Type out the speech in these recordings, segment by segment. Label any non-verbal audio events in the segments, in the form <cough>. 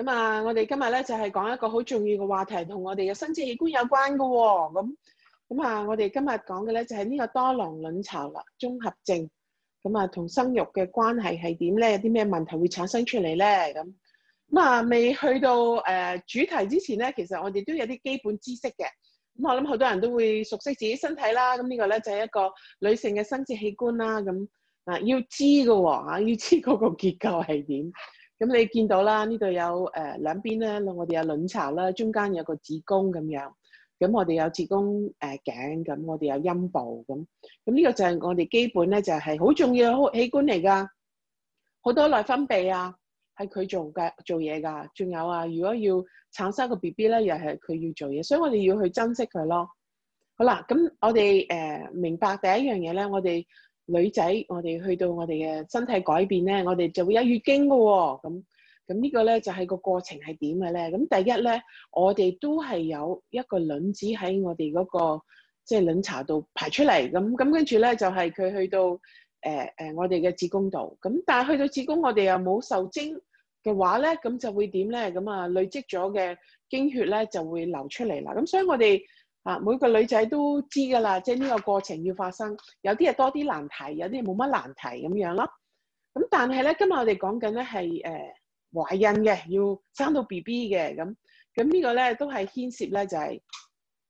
咁啊，我哋今日咧就係講一個好重要嘅話題，同我哋嘅生殖器官有關噶喎。咁咁啊，我哋今日講嘅咧就係呢個多囊卵巢綜合症。咁啊，同生育嘅關係係點咧？有啲咩問題會產生出嚟咧？咁咁啊，未去到誒主題之前咧，其實我哋都有啲基本知識嘅。咁我諗好多人都會熟悉自己身體啦。咁呢個咧就係一個女性嘅生殖器官啦。咁啊，要知噶喎吓，要知嗰個結構係點。咁、嗯、你見到啦，呢度有誒、呃、兩邊咧，我哋有卵巢啦，中間有個子宮咁樣。咁我哋有子宮誒、呃、頸，咁我哋有陰部咁。咁呢個就係我哋基本咧，就係好重要嘅器官嚟㗎。好多內分泌啊，係佢做嘅做嘢㗎。仲有啊，如果要產生個 BB 咧，又係佢要做嘢，所以我哋要去珍惜佢咯。好啦，咁我哋誒、呃、明白第一樣嘢咧，我哋。女仔，我哋去到我哋嘅身體改變咧，我哋就會有月經嘅喎、哦。咁咁呢個咧就係、是、個過程係點嘅咧？咁第一咧，我哋都係有一個卵子喺我哋嗰、那個即係、就是、卵巢度排出嚟。咁咁跟住咧就係、是、佢去到誒誒、呃呃、我哋嘅子宮度。咁但係去到子宮，我哋又冇受精嘅話咧，咁就會點咧？咁啊累積咗嘅經血咧就會流出嚟啦。咁所以我哋。啊，每個女仔都知噶啦，即係呢個過程要發生。有啲係多啲難題，有啲冇乜難題咁樣咯。咁但係咧，今日我哋講緊咧係誒懷孕嘅，要生到 BB 嘅咁。咁呢個咧都係牽涉咧就係、是、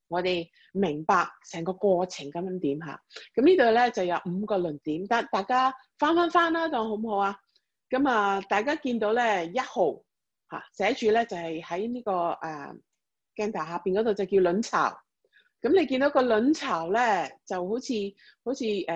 我哋明白成個過程咁樣點嚇。咁呢度咧就有五個論點，得大家翻翻翻啦、啊，當好唔好啊？咁啊，大家見到咧一號嚇、啊、寫住咧就係喺呢個誒、啊、鏡頭下邊嗰度就叫卵巢。咁你見到個卵巢咧，就好似好似誒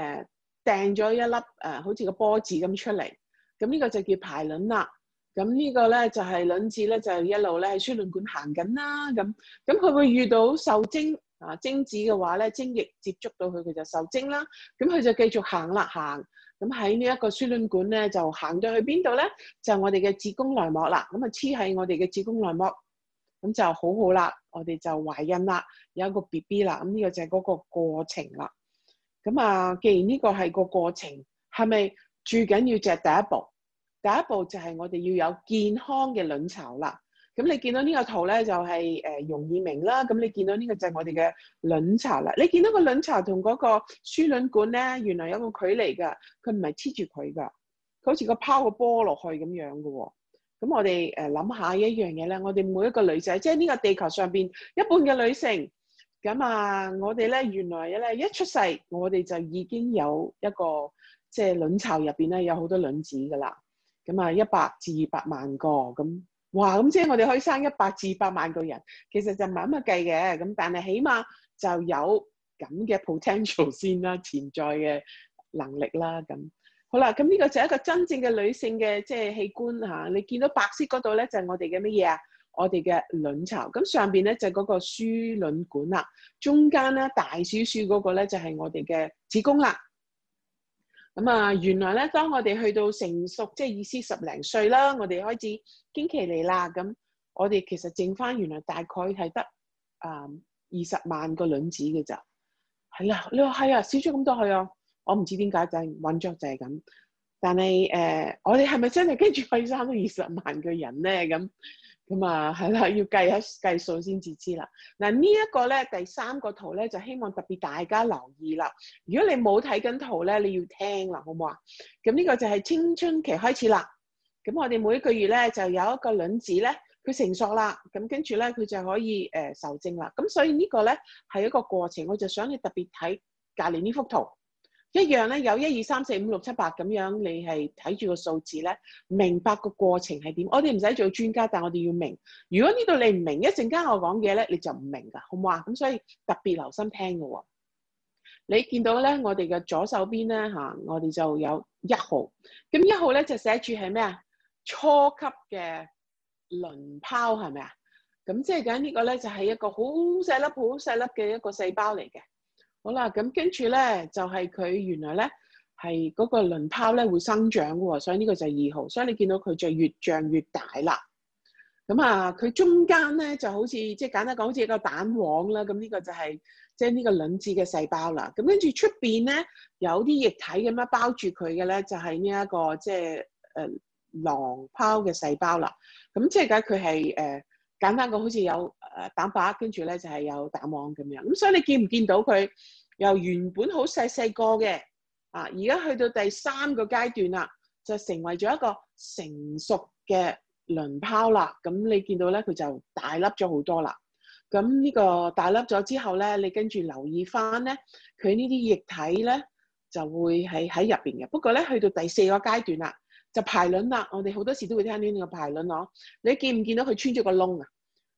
掟咗一粒誒、呃，好似個波子咁出嚟。咁呢個就叫排卵啦。咁呢個咧就係、係、卵子咧，就一路咧喺輸卵管行緊啦。咁咁佢會遇到受精啊，精子嘅話咧，精液接觸到佢，佢就受精啦。咁佢就繼續行啦，行。咁喺呢一個輸卵管咧，就行咗去邊度咧？就係、我哋嘅子宮內膜啦。咁啊，黐喺我哋嘅子宮內膜。咁就好好啦，我哋就懷孕啦，有一個 BB 啦，咁、這、呢個就係嗰個過程啦。咁啊，既然呢個係個過程，係咪最緊要著第一步？第一步就係我哋要有健康嘅卵巢啦。咁你見到呢個圖咧，就係、是呃、容易明啦。咁你見到呢個就係我哋嘅卵巢啦。你見到個卵巢同嗰個輸卵管咧，原來有個距離㗎，佢唔係黐住佢㗎，佢好似個拋個波落去咁樣㗎喎、哦。咁我哋誒諗下一樣嘢咧，我哋每一個女仔，即係呢個地球上邊一半嘅女性，咁啊，我哋咧原來咧一出世，我哋就已經有一個即係卵巢入邊咧有好多卵子噶啦，咁啊一百至二百萬個，咁哇，咁即係我哋可以生一百至百萬個人，其實就唔係咁計嘅，咁但係起碼就有咁嘅 potential 先啦，潛在嘅能力啦咁。好啦，咁呢個就係一個真正嘅女性嘅即係器官嚇、啊。你見到白色嗰度咧，就係我哋嘅乜嘢啊？我哋嘅卵巢。咁上邊咧就嗰個輸卵管啦。中間咧大少少嗰個咧就係我哋嘅子宮啦。咁啊，原來咧，當我哋去到成熟，即係意思十零歲啦，我哋開始經期嚟啦。咁我哋其實剩翻原來大概係得啊二十萬個卵子嘅咋。係啦，你話係啊，少咗咁多係啊。我唔知點解，就運作就係咁。但係誒、呃，我哋係咪真係跟住費心二十萬嘅人咧？咁咁啊，係啦，要計一計數先至知啦。嗱，呢一個咧，第三個圖咧，就希望特別大家留意啦。如果你冇睇緊圖咧，你要聽啦，好唔好啊？咁呢個就係青春期開始啦。咁我哋每一個月咧，就有一個卵子咧，佢成熟啦。咁跟住咧，佢就可以誒、呃、受精啦。咁所以呢個咧係一個過程。我就想你特別睇隔籬呢幅圖。一樣咧，有一二三四五六七八咁樣，你係睇住個數字咧，明白個過程係點。我哋唔使做專家，但係我哋要明。如果呢度你唔明一陣間我講嘢咧，你就唔明噶，好唔好啊？咁所以特別留心聽㗎喎。你見到咧，我哋嘅左手邊咧嚇，我哋就有一號。咁一號咧就寫住係咩啊？初級嘅輪拋係咪啊？咁即係講呢個咧就係一個好細粒、好細粒嘅一個細胞嚟嘅。好啦，咁跟住咧就係、是、佢原來咧係嗰個卵泡咧會生長喎，所以呢個就係二號，所以你見到佢就越漲越大啦。咁啊，佢中間咧就好似即係簡單講好似一個蛋黃啦，咁呢個就係即係呢個卵子嘅細胞啦。咁跟住出邊咧有啲液體咁樣包住佢嘅咧，就係呢一個即係誒卵泡嘅細胞啦。咁即係解，佢係誒。簡單講，好似有誒蛋白，跟住咧就係有蛋黃咁樣。咁所以你見唔見到佢由原本好細細個嘅啊，而家去到第三個階段啦，就成為咗一個成熟嘅卵泡啦。咁你見到咧，佢就大粒咗好多啦。咁呢個大粒咗之後咧，你跟住留意翻咧，佢呢啲液體咧就會係喺入邊嘅。不過咧，去到第四個階段啦。就排卵啦，我哋好多時都會聽呢個排卵哦。你見唔見到佢穿咗個窿啊？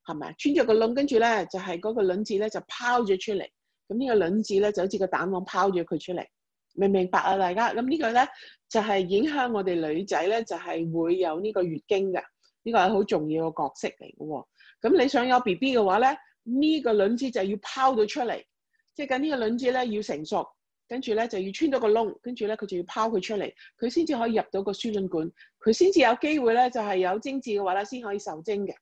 係咪穿咗個窿，跟住咧就係、是、嗰個卵子咧就拋咗出嚟。咁呢個卵子咧就好似個蛋黃拋咗佢出嚟，明唔明白啊？大家咁呢個咧就係影響我哋女仔咧，就係、是就是、會有呢個月經嘅。呢、這個係好重要嘅角色嚟嘅喎。咁你想有 B B 嘅話咧，呢、這個卵子就要拋咗出嚟，即係緊呢個卵子咧要成熟。跟住咧就要穿到個窿，跟住咧佢就要拋佢出嚟，佢先至可以入到個輸卵管，佢先至有機會咧就係、是、有精子嘅話咧，先可以受精嘅。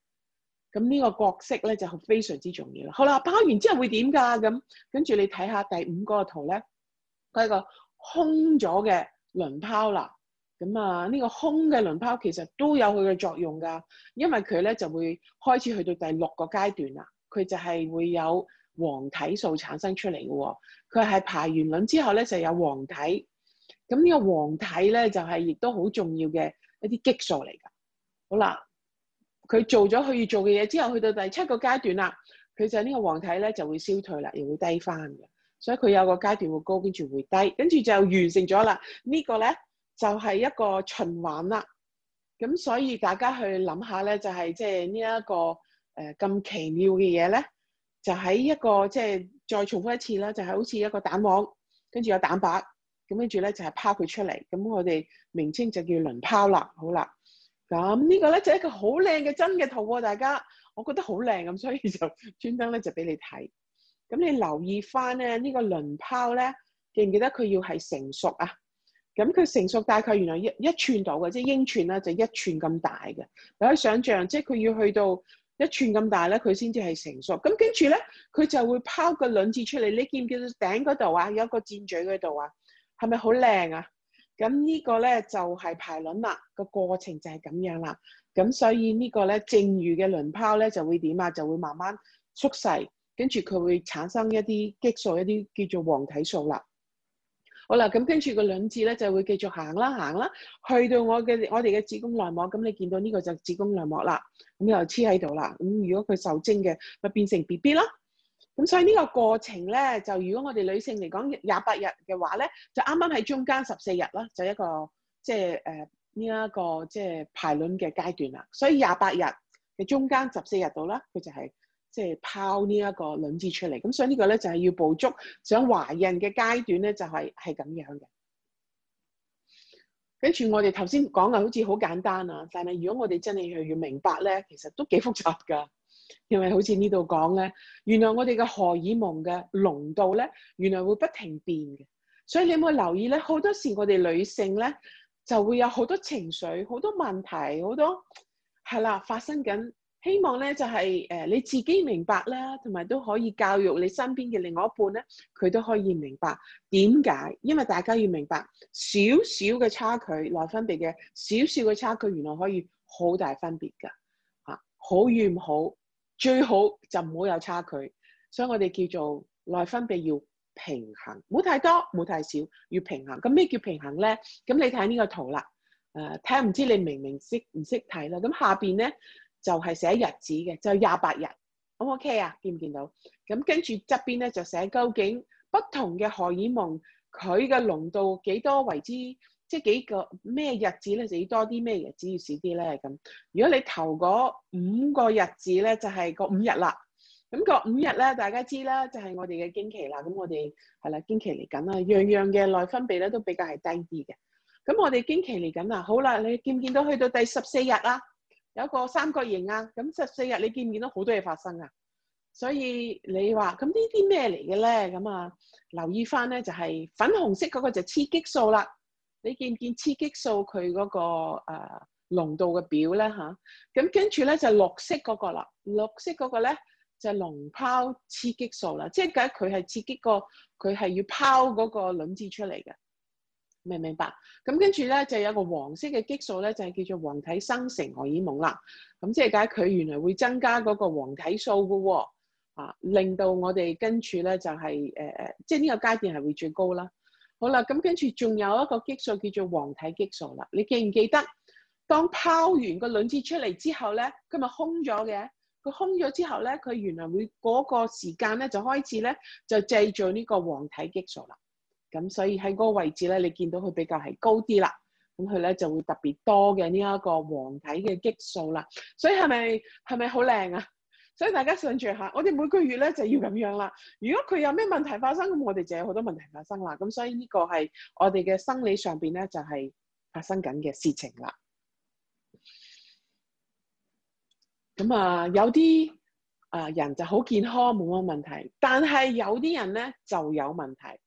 咁呢個角色咧就非常之重要啦。好啦，拋完之後會點噶咁跟住你睇下第五嗰個圖咧，係個空咗嘅卵泡啦，咁啊呢個空嘅卵泡其實都有佢嘅作用噶，因為佢咧就會開始去到第六個階段啦，佢就係會有黃體素產生出嚟嘅。佢係排完卵之後咧，就有黃體。咁呢個黃體咧，就係、是、亦都好重要嘅一啲激素嚟㗎。好啦，佢做咗佢要做嘅嘢之後，去到第七個階段啦，佢就這個呢個黃體咧就會消退啦，又會低翻嘅。所以佢有個階段會高，跟住會低，跟住就完成咗啦。這個、呢個咧就係、是、一個循環啦。咁所以大家去諗下咧，就係即係呢一個誒咁、呃、奇妙嘅嘢咧。就喺、是、一個即係、就是、再重複一次啦，就係、是、好似一個蛋黃，跟住有蛋白，咁跟住咧就係拋佢出嚟，咁我哋名稱就叫卵泡啦，好啦。咁呢個咧就係一個好靚嘅真嘅圖喎，大家，我覺得好靚咁，所以就專登咧就俾你睇。咁你留意翻咧、這個、呢個卵泡咧，記唔記得佢要係成熟啊？咁佢成熟大概原來一一寸度嘅，即係英寸啊，就一寸咁大嘅，你可以想象，即係佢要去到。一寸咁大咧，佢先至係成熟。咁跟住咧，佢就會拋個卵子出嚟。你見唔見頂嗰度啊？有一個箭嘴嗰度啊，係咪好靚啊？咁呢個咧就係、是、排卵啦。個過程就係咁樣啦。咁所以這個呢個咧，剩餘嘅卵泡咧就會點啊？就會慢慢縮細，跟住佢會產生一啲激素，一啲叫做黃體素啦。好啦，咁跟住個卵子咧就會繼續行啦行啦，去到我嘅我哋嘅子宮內膜，咁你見到呢個就子宮內膜啦，咁又黐喺度啦，咁如果佢受精嘅咪變成 BB 咯，咁所以呢個過程咧就如果我哋女性嚟講廿八日嘅話咧，就啱啱喺中間十四日啦，就一個即係誒呢一個即係、就是、排卵嘅階段啦，所以廿八日嘅中間十四日度啦，佢就係、是。即係拋呢一個卵子出嚟，咁所以呢個咧就係要捕捉。想懷孕嘅階段咧就係係咁樣嘅。跟住我哋頭先講嘅好似好簡單啊，但係如果我哋真係要要明白咧，其實都幾複雜噶。因為好似呢度講咧，原來我哋嘅荷爾蒙嘅濃度咧，原來會不停變嘅。所以你有冇留意咧？好多時我哋女性咧就會有好多情緒、好多問題、好多係啦發生緊。希望咧就係誒你自己明白啦，同埋都可以教育你身邊嘅另外一半咧，佢都可以明白點解，因為大家要明白少少嘅差距，內分泌嘅少少嘅差距，原來可以好大分別噶嚇，好與唔好最好就唔好有差距。所以我哋叫做內分泌要平衡，冇太多，冇太少，要平衡。咁咩叫平衡咧？咁你睇呢個圖啦，誒睇唔知你明唔明識唔識睇啦？咁下邊咧？就係、是、寫日子嘅，就廿八日，O 唔 OK 啊？見唔見到？咁跟住側邊咧就寫究竟不同嘅荷爾蒙佢嘅濃度幾多為之，即幾個咩日子咧，就要多啲咩日子要少啲咧？咁如果你頭嗰五個日子咧，就係個五日啦。咁個五日咧，大家知啦，就係、是、我哋嘅經期啦。咁我哋係啦，經期嚟緊啦，樣樣嘅內分泌咧都比較係低啲嘅。咁我哋經期嚟緊啦，好啦，你見唔見到去到第十四日啦？有個三角形啊，咁十四日你見唔見到好多嘢發生啊？所以你話咁呢啲咩嚟嘅咧？咁啊留意返咧就係粉紅色嗰個就刺激素啦，你見唔見刺激素佢嗰、那個誒、呃、濃度嘅表咧嚇？咁跟住咧就係、綠色嗰個啦，綠色嗰個咧就係、龍泡刺激素啦，即係解佢係刺激個佢係要拋嗰個卵子出嚟嘅。明唔明白？咁跟住咧就有一個黃色嘅激素咧，就係叫做黃體生成荷爾蒙啦。咁即係解佢原來會增加嗰個黃體素嘅喎、哦，啊，令到我哋跟住咧就係誒誒，即係呢個階段係會最高啦。好啦，咁跟住仲有一個激素叫做黃體激素啦。你記唔記得？當拋完個卵子出嚟之後咧，佢咪空咗嘅？佢空咗之後咧，佢原來會嗰個時間咧就開始咧就製造呢個黃體激素啦。咁所以喺嗰個位置咧，你見到佢比較係高啲啦，咁佢咧就會特別多嘅呢一個黃體嘅激素啦。所以係咪係咪好靚啊？所以大家想像下，我哋每個月咧就要咁樣啦。如果佢有咩問題發生，咁我哋就有好多問題發生啦。咁所以呢個係我哋嘅生理上邊咧就係發生緊嘅事情啦。咁啊，有啲啊人就好健康冇乜問題，但係有啲人咧就有問題。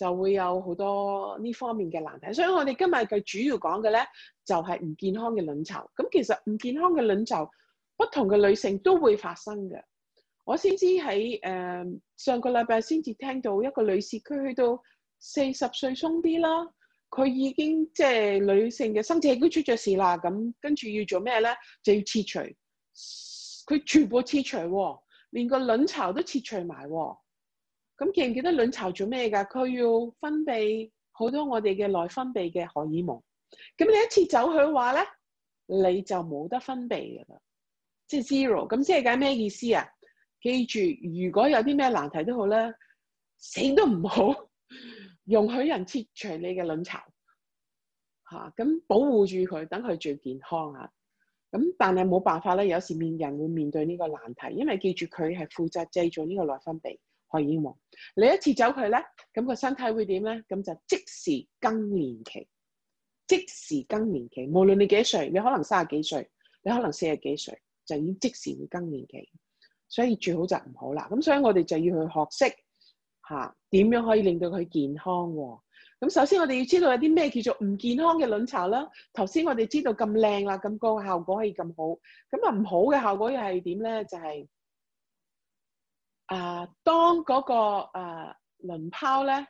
就會有好多呢方面嘅難題，所以我哋今日嘅主要講嘅咧，就係唔健康嘅卵巢。咁其實唔健康嘅卵巢，不同嘅女性都會發生嘅。我先知喺誒、呃、上個禮拜先至聽到一個女士，佢去到四十歲鬆啲啦，佢已經即係女性嘅生殖器官出咗事啦，咁跟住要做咩咧？就要切除，佢全部切除喎，連個卵巢都切除埋喎。咁記唔記得卵巢做咩噶？佢要分泌好多我哋嘅內分泌嘅荷爾蒙。咁你一切走佢嘅話咧，你就冇得分泌噶啦，即係 zero。咁即係解咩意思啊？記住，如果有啲咩難題都好啦，死都唔好 <laughs> 容許人切除你嘅卵巢。吓、啊，咁保護住佢，等佢最健康啊。咁但係冇辦法咧，有時面人會面對呢個難題，因為記住佢係負責製造呢個內分泌。可以喎，你 <music> 一次走佢咧，咁個身體會點咧？咁就即時更年期，即時更年期，無論你幾歲，你可能三十幾歲，你可能四十幾歲，就已經即時會更年期，所以最好就唔好啦。咁所以我哋就要去學識吓點樣可以令到佢健康喎。咁首先我哋要知道有啲咩叫做唔健康嘅卵巢啦。頭先我哋知道咁靚啦，咁高嘅效果可以咁好，咁啊唔好嘅效果又係點咧？就係。啊、呃，當嗰、那個啊卵、呃、泡咧，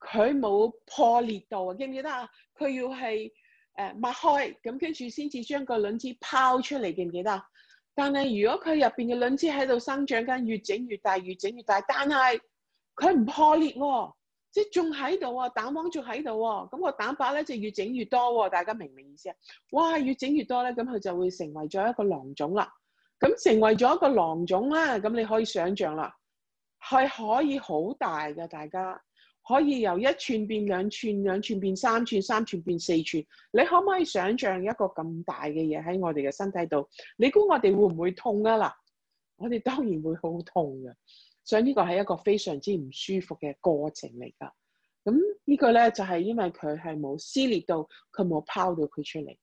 佢冇破裂到啊，記唔記得啊？佢要係誒擘開，咁跟住先至將個卵子拋出嚟，記唔記得啊？但係如果佢入邊嘅卵子喺度生長緊，越整越大，越整越大，但係佢唔破裂喎、哦，即係仲喺度啊，蛋黃仲喺度喎，咁、那個蛋白咧就越整越多喎、哦，大家明唔明意思啊？哇，越整越多咧，咁佢就會成為咗一個囊腫啦。咁成為咗一個囊腫啦，咁你可以想象啦，係可以好大嘅。大家可以由一寸變兩寸，兩寸變三寸，三寸變四寸。你可唔可以想象一個咁大嘅嘢喺我哋嘅身體度？你估我哋會唔會痛啊？嗱，我哋當然會好痛㗎。所以呢個係一個非常之唔舒服嘅過程嚟噶。咁呢個咧就係因為佢係冇撕裂到，佢冇拋到佢出嚟。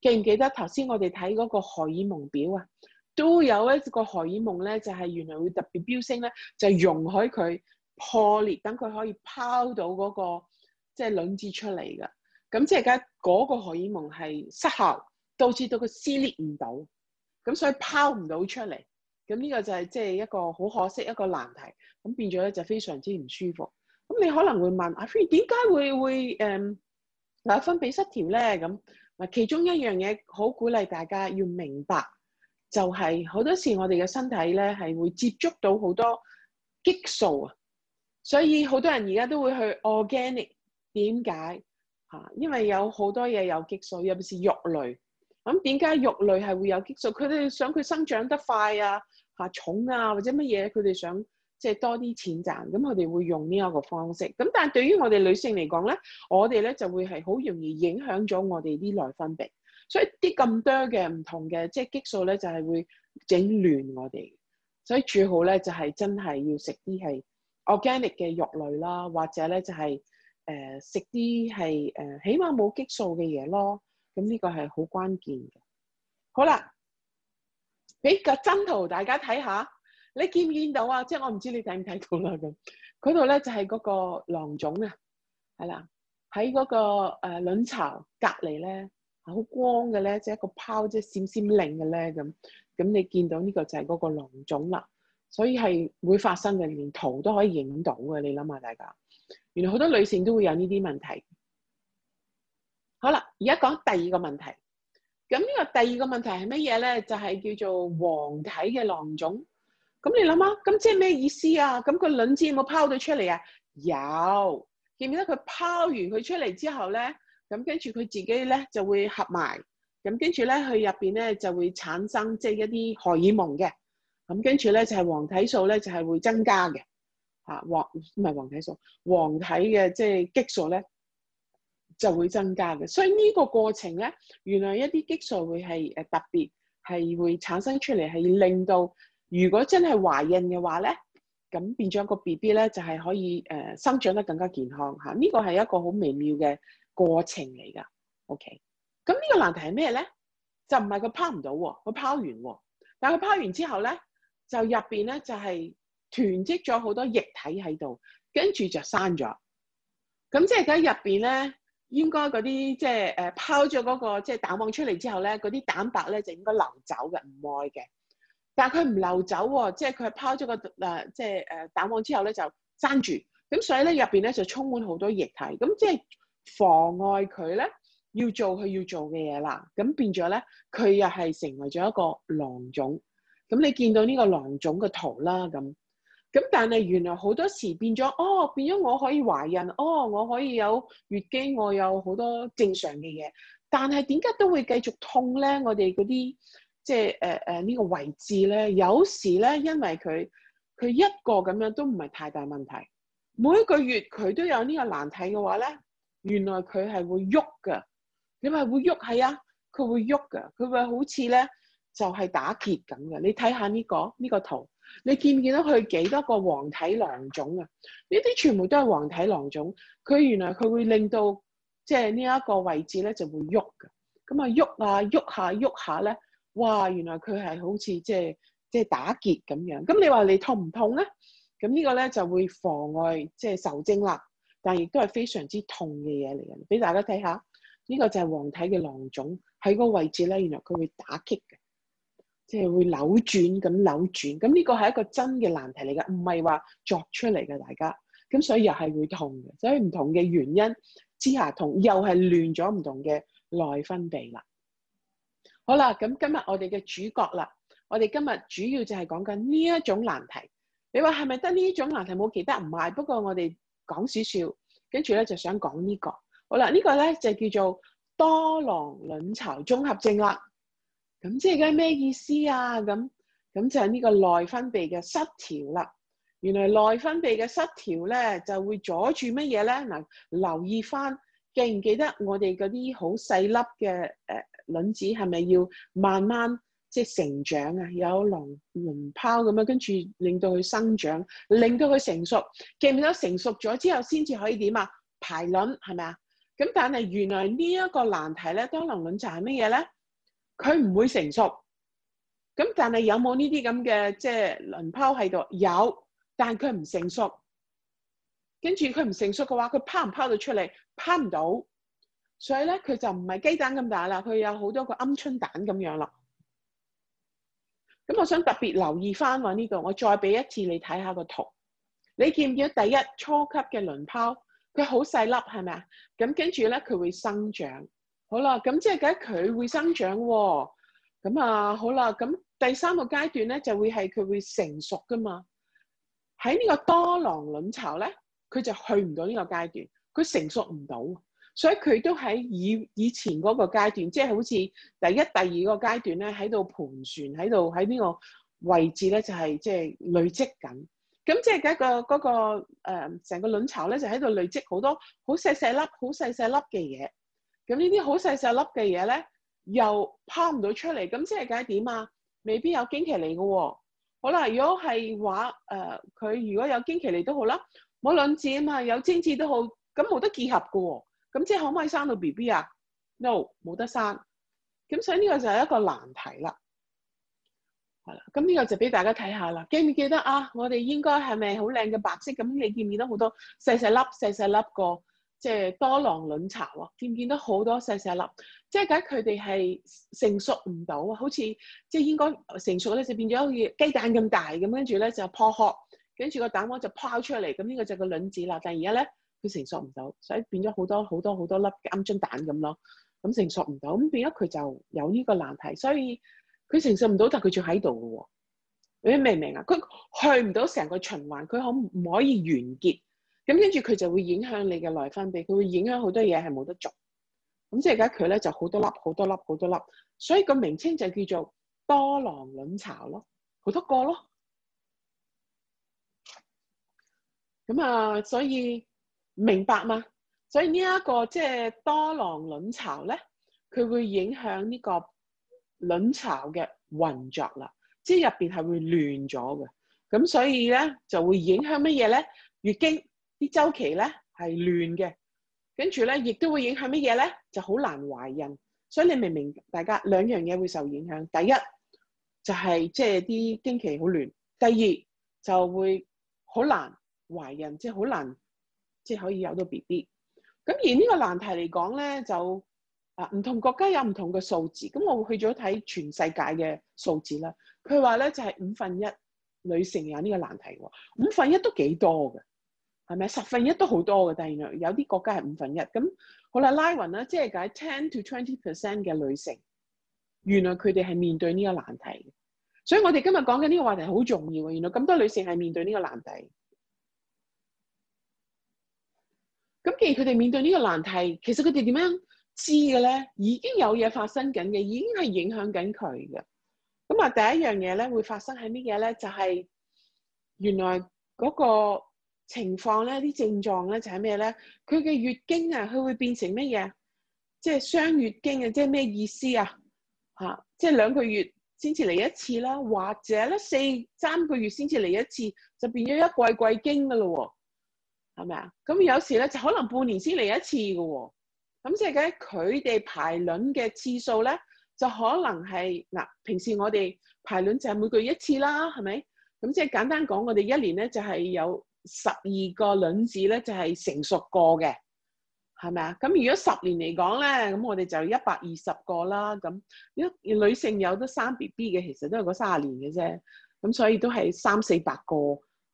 記唔記得頭先我哋睇嗰個荷爾蒙表啊？都有一個荷爾蒙咧，就係、是、原來會特別飆升咧，就是、容開許佢破裂，等佢可以拋到嗰、那個即係卵子出嚟㗎。咁即係而家嗰個荷爾蒙係失效，導致到佢撕裂唔到，咁所以拋唔到出嚟。咁呢個就係即係一個好可惜一個難題。咁變咗咧就非常之唔舒服。咁你可能會問阿 f 點解會會誒嗱、嗯、分泌失調咧？咁嗱其中一樣嘢好鼓勵大家要明白。就係、是、好多時，我哋嘅身體咧係會接觸到好多激素啊，所以好多人而家都會去 organic。點解嚇？因為有好多嘢有激素，尤其是肉類。咁點解肉類係會有激素？佢哋想佢生長得快啊、嚇、啊、重啊，或者乜嘢？佢哋想即係、就是、多啲錢賺，咁佢哋會用呢一個方式。咁但係對於我哋女性嚟講咧，我哋咧就會係好容易影響咗我哋啲內分泌。所以啲咁多嘅唔同嘅，即係激素咧，就係會整亂我哋。所以最好咧，就係真係要食啲係 organic 嘅肉類啦，或者咧就係誒食啲係誒起碼冇激素嘅嘢咯。咁呢個係好關鍵嘅。好啦，畀個真圖大家睇下，你見唔見到啊？即係我唔知你睇唔睇到啦。咁嗰度咧就係嗰個囊腫啊，係啦，喺嗰個誒卵巢隔籬咧。好光嘅咧，即係一個泡，即係閃閃令嘅咧，咁咁你見到呢個就係嗰個囊腫啦，所以係會發生嘅，連圖都可以影到嘅。你諗下大家，原來好多女性都會有呢啲問題。好啦，而家講第二個問題，咁呢個第二個問題係乜嘢咧？就係、是、叫做黃體嘅囊腫。咁你諗下，咁即係咩意思啊？咁個卵子有冇拋到出嚟啊？有，記唔記得佢拋完佢出嚟之後咧？咁跟住佢自己咧就會合埋，咁跟住咧佢入邊咧就會產生即係一啲荷爾蒙嘅，咁跟住咧就係、是、黃體素咧就係、是、會增加嘅吓，黃唔係黃體素黃體嘅即係激素咧就會增加嘅。所以呢個過程咧，原來一啲激素會係誒特別係會產生出嚟，係令到如果真係懷孕嘅話咧，咁變咗個 BB 咧就係、是、可以誒、呃、生長得更加健康嚇。呢個係一個好微妙嘅過程嚟噶，OK。咁呢個難題係咩咧？就唔係佢拋唔到喎，佢拋完喎，但係佢拋完之後咧，就入邊咧就係、是、囤積咗好多液體喺度，跟住就閂咗。咁即係喺入邊咧，應該嗰啲即係誒拋咗嗰、那個即係、就是那個就是、蛋黃出嚟之後咧，嗰啲蛋白咧就應該流走嘅，唔愛嘅。但係佢唔流走喎，即係佢係拋咗、那個誒即係誒蛋黃之後咧就閂住。咁所以咧入邊咧就充滿好多液體，咁即係。妨礙佢咧要做佢要做嘅嘢啦，咁變咗咧佢又係成為咗一個囊腫。咁你見到呢個囊腫嘅圖啦，咁咁但係原來好多時變咗哦，變咗我可以懷孕，哦我可以有月經，我有好多正常嘅嘢，但係點解都會繼續痛咧？我哋嗰啲即係誒誒呢個位置咧，有時咧因為佢佢一個咁樣都唔係太大問題，每一個月佢都有呢個難睇嘅話咧。原來佢係會喐噶，你咪會喐係啊？佢會喐噶，佢咪好似咧就係打結咁嘅。你睇下呢個呢個圖，你見唔見到佢幾多個黃體囊腫啊？呢啲全部都係黃體囊腫。佢原來佢會令到即係呢一個位置咧就會喐噶，咁啊喐啊喐下喐下咧，哇！原來佢係好似即係即係打結咁樣。咁你話你痛唔痛咧？咁呢個咧就會妨礙即係受精啦。但亦都係非常之痛嘅嘢嚟嘅，俾大家睇下，呢個就係黃體嘅囊腫喺個位置咧，原來佢會打擊嘅，即係會扭轉咁扭轉，咁呢個係一個真嘅難題嚟嘅，唔係話作出嚟嘅，大家，咁所以又係會痛嘅，所以唔同嘅原因之下痛，又係亂咗唔同嘅內分泌啦。好啦，咁今日我哋嘅主角啦，我哋今日主要就係講緊呢一種難題。你話係咪得呢種難題冇其他？唔係，不過我哋。講少少，跟住咧，就想講呢、這個，好啦，這個、呢個咧就叫做多囊卵巢綜合症啦。咁即係咩意思啊？咁咁就係呢個內分泌嘅失調啦。原來內分泌嘅失調咧就會阻住乜嘢咧？嗱，留意翻，記唔記得我哋嗰啲好細粒嘅誒卵子係咪要慢慢？即係成長啊，有卵泡咁樣，跟住令到佢生長，令到佢成熟。記唔記得成熟咗之後先至可以點啊？排卵係咪啊？咁但係原來呢一個難題咧，多囊卵巢係乜嘢咧？佢唔會成熟。咁但係有冇呢啲咁嘅即係卵泡喺度？有，但係佢唔成熟。跟住佢唔成熟嘅話，佢拋唔拋到出嚟，拋唔到。所以咧，佢就唔係雞蛋咁大啦，佢有好多個鵪鶉蛋咁樣啦。咁我想特別留意翻喎，呢度，我再俾一次你睇下個圖。你見唔見第一初級嘅卵泡，佢好細粒係咪啊？咁跟住咧，佢會生長，好啦。咁即係喺佢會生長喎、哦。咁啊好啦，咁第三個階段咧，就會係佢會成熟噶嘛。喺呢個多囊卵巢咧，佢就去唔到呢個階段，佢成熟唔到。所以佢都喺以以前嗰個階段，即係好似第一、第二個階段咧，喺度盤旋，喺度喺邊個位置咧，就係即係累積緊。咁即係嘅個嗰個誒成個卵巢咧，就喺度累積好多好細細粒、好細細粒嘅嘢。咁呢啲好細細粒嘅嘢咧，又拋唔到出嚟，咁即係點啊？未必有經期嚟嘅喎。好啦，如果係話誒佢如果有經期嚟都好啦，冇卵子啊嘛，有精子都好，咁冇得結合嘅喎。咁即係可唔可以生到 B B 啊？No，冇得生。咁所以呢個就係一個難題啦。係啦，咁呢個就俾大家睇下啦。記唔記得啊？我哋應該係咪好靚嘅白色？咁你見唔見到好多細細粒、細細粒個，即係多囊卵巢喎？見唔見到好多細細粒？即係解佢哋係成熟唔到啊，好似即係應該成熟咧，就變咗好似雞蛋咁大咁，跟住咧就破殼，跟住個蛋黃就拋出嚟，咁呢個就個卵子啦。但係而家咧。佢成熟唔到，所以變咗好多好多好多粒鵪鶉蛋咁咯。咁成熟唔到，咁變咗佢就有呢個難題。所以佢承受唔到，但係佢仲喺度嘅喎。你明唔明啊？佢去唔到成個循環，佢可唔可以完結？咁跟住佢就會影響你嘅內分泌，佢會影響好多嘢係冇得做。咁即係而家佢咧就好多粒，好多粒，好多粒。所以個名稱就叫做多囊卵巢咯，好多個咯。咁啊，所以。明白嘛？所以呢、這、一個即係、就是、多囊卵巢咧，佢會影響呢個卵巢嘅運作啦，即係入邊係會亂咗嘅。咁所以咧，就會影響乜嘢咧？月經啲周期咧係亂嘅，跟住咧，亦都會影響乜嘢咧？就好難懷孕。所以你明唔明大家兩樣嘢會受影響，第一就係即係啲經期好亂，第二就會好難懷孕，即係好難。即係可以有到 B B，咁而呢個難題嚟講咧，就啊唔同國家有唔同嘅數字。咁我去咗睇全世界嘅數字啦。佢話咧就係、是、五分一女性有呢個難題喎，五分一都幾多嘅？係咪十分一都好多嘅？但原來有啲國家係五分一。咁好啦，拉勻啦，即係解 ten to twenty percent 嘅女性，原來佢哋係面對呢個難題。所以我哋今日講緊呢個話題好重要的，原來咁多女性係面對呢個難題。咁既然佢哋面對呢個難題，其實佢哋點樣知嘅咧？已經有嘢發生緊嘅，已經係影響緊佢嘅。咁啊，第一樣嘢咧會發生喺乜嘢咧？就係、是、原來嗰個情況咧，啲症狀咧就係咩咧？佢嘅月經啊，佢會變成乜嘢？即係雙月經啊！即係咩意思啊？嚇、啊！即係兩個月先至嚟一次啦，或者咧四三個月先至嚟一次，就變咗一季季經噶咯喎。係咪啊？咁有時咧就可能半年先嚟一次噶喎、哦。咁即係咧，佢哋排卵嘅次數咧，就可能係嗱、啊，平時我哋排卵就係每個月一次啦，係咪？咁即係簡單講，我哋一年咧就係、是、有十二個卵子咧就係、是、成熟過嘅，係咪啊？咁如果十年嚟講咧，咁我哋就一百二十個啦。咁如果女性有得生 B B 嘅，其實都係嗰三十年嘅啫。咁所以都係三四百個。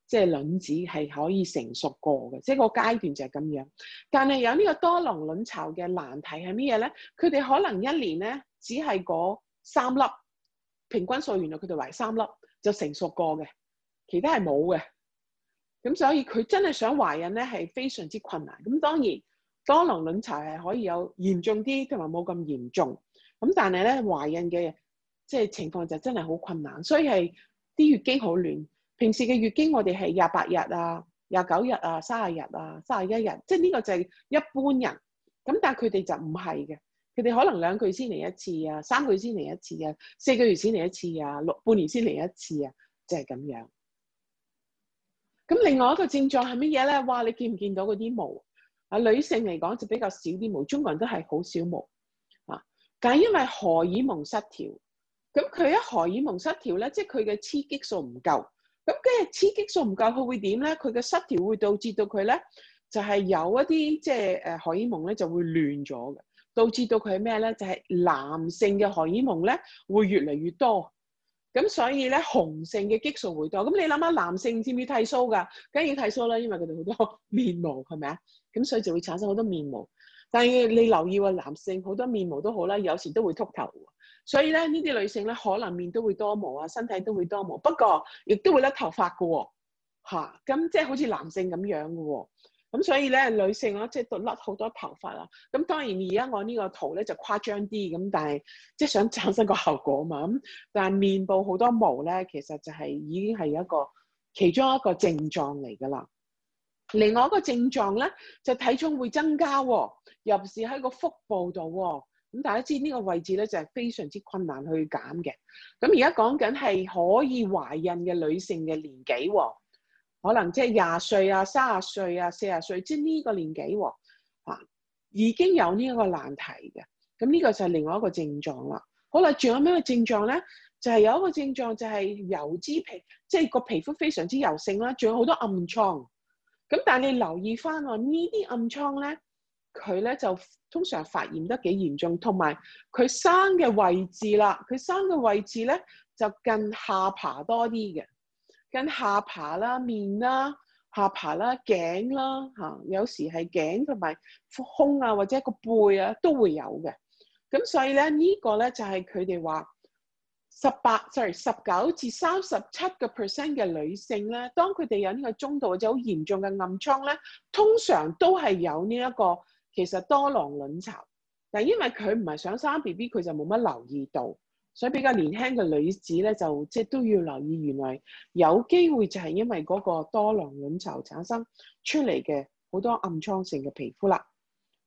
即係卵子係可以成熟過嘅，即係個階段就係咁樣。但係有呢個多囊卵巢嘅難題係咩嘢咧？佢哋可能一年咧只係嗰三粒平均數，原來佢哋懷三粒就成熟過嘅，其他係冇嘅。咁所以佢真係想懷孕咧，係非常之困難。咁當然多囊卵巢係可以有嚴重啲同埋冇咁嚴重。咁但係咧懷孕嘅即係情況就真係好困難，所以係啲月經好亂。平時嘅月經，我哋係廿八日啊、廿九日啊、三十日啊、三十一日，即係呢個就係一般人。咁但係佢哋就唔係嘅，佢哋可能兩個月先嚟一次啊，三個月先嚟一次啊，四個月先嚟一次啊，六半年先嚟一次啊，就係咁樣。咁另外一個症狀係乜嘢咧？哇！你見唔見到嗰啲毛？啊，女性嚟講就比較少啲毛，中國人都係好少毛啊。咁因為荷爾蒙失調，咁佢一荷爾蒙失調咧，即係佢嘅雌激素唔夠。咁即係雌激素唔夠，佢會點咧？佢嘅失調會導致到佢咧，就係有一啲即係誒荷爾蒙咧就會亂咗嘅，導致到佢係咩咧？就係男性嘅荷爾蒙咧會越嚟越多，咁所以咧雄性嘅激素會多。咁你諗下男性知唔知剃鬚噶？梗要剃鬚啦，因為佢哋好多面毛係咪啊？咁所以就會產生好多面毛。但係你留意話，男性好多面毛都好啦，有時都會禿頭。所以咧，呢啲女性咧，可能面都會多毛啊，身體都會多毛，不過亦都會甩頭髮嘅喎，嚇，咁即係好似男性咁樣嘅喎。咁所以咧，女性咯，即係都甩好多頭髮啊。咁當然而家我呢個圖咧就誇張啲，咁但係即係想產生個效果啊嘛。咁但係面部好多毛咧，其實就係已經係一個其中一個症狀嚟嘅啦。另外一個症狀咧，就體重會增加喎，尤其是喺個腹部度喎。咁大家知呢個位置咧就係非常之困難去減嘅。咁而家講緊係可以懷孕嘅女性嘅年紀，可能即係廿歲啊、三十歲啊、四啊歲，即係呢個年紀，啊已經有呢一個難題嘅。咁呢個就係另外一個症狀啦。好啦，仲有咩嘅症狀咧？就係有一個症狀就係油脂皮，即係個皮膚非常之油性啦，仲有好多暗瘡。咁但係你留意翻啊，呢啲暗瘡咧。佢咧就通常發炎得幾嚴重，同埋佢生嘅位置啦，佢生嘅位置咧就近下巴多啲嘅，近下巴啦、面啦、下巴啦、頸啦嚇，有時係頸同埋腹胸啊，或者一個背啊都會有嘅。咁所以咧呢、呢個咧就係佢哋話，十八 sorry 十九至三十七個 percent 嘅女性咧，當佢哋有呢個中度或者好嚴重嘅暗瘡咧，通常都係有呢、呢、一個。其實多囊卵巢，但係因為佢唔係想生 B B，佢就冇乜留意到，所以比較年輕嘅女子咧，就即係都要留意原來有機會就係因為嗰個多囊卵巢產生出嚟嘅好多暗瘡性嘅皮膚啦。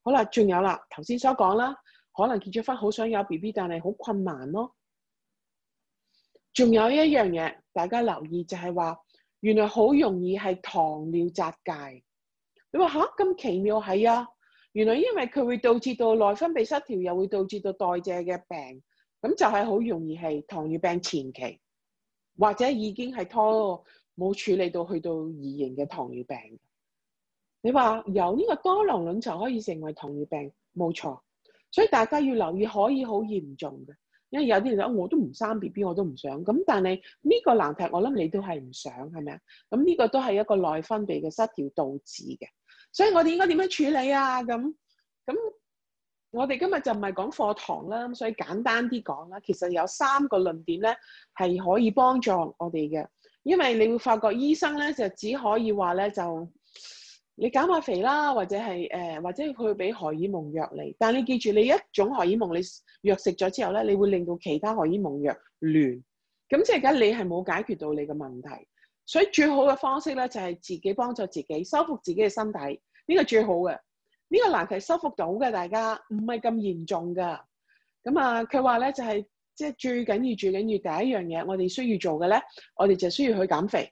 好啦，仲有啦，頭先所講啦，可能結咗婚好想有 B B，但係好困難咯。仲有一樣嘢大家留意就係話原來好容易係糖尿雜戒。你話嚇咁奇妙係啊？是呀。原來因為佢會導致到內分泌失調，又會導致到代謝嘅病，咁就係好容易係糖尿病前期，或者已經係拖冇處理到去到二型嘅糖尿病。你話有呢個多囊卵巢可以成為糖尿病？冇錯，所以大家要留意，可以好嚴重嘅。因為有啲人說我都唔生 B B，我都唔想。咁但係呢個難題我諗你都係唔想，係咪啊？咁呢個都係一個內分泌嘅失調導致嘅。所以我哋應該點樣處理啊？咁咁，我哋今日就唔係講課堂啦，所以簡單啲講啦。其實有三個論點咧，係可以幫助我哋嘅，因為你會發覺醫生咧就只可以話咧就你減下肥啦，或者係誒、呃、或者佢會俾荷爾蒙藥嚟。但你記住你一種荷爾蒙你藥食咗之後咧，你會令到其他荷爾蒙藥亂，咁即係而家你係冇解決到你嘅問題。所以最好嘅方式咧，就係自己幫助自己，修復自己嘅身體，呢個最好嘅。呢個難題修復到嘅，大家唔係咁嚴重㗎。咁啊，佢話咧就係即係最緊要、最緊要第一樣嘢，我哋需要做嘅咧，我哋就需要去減肥。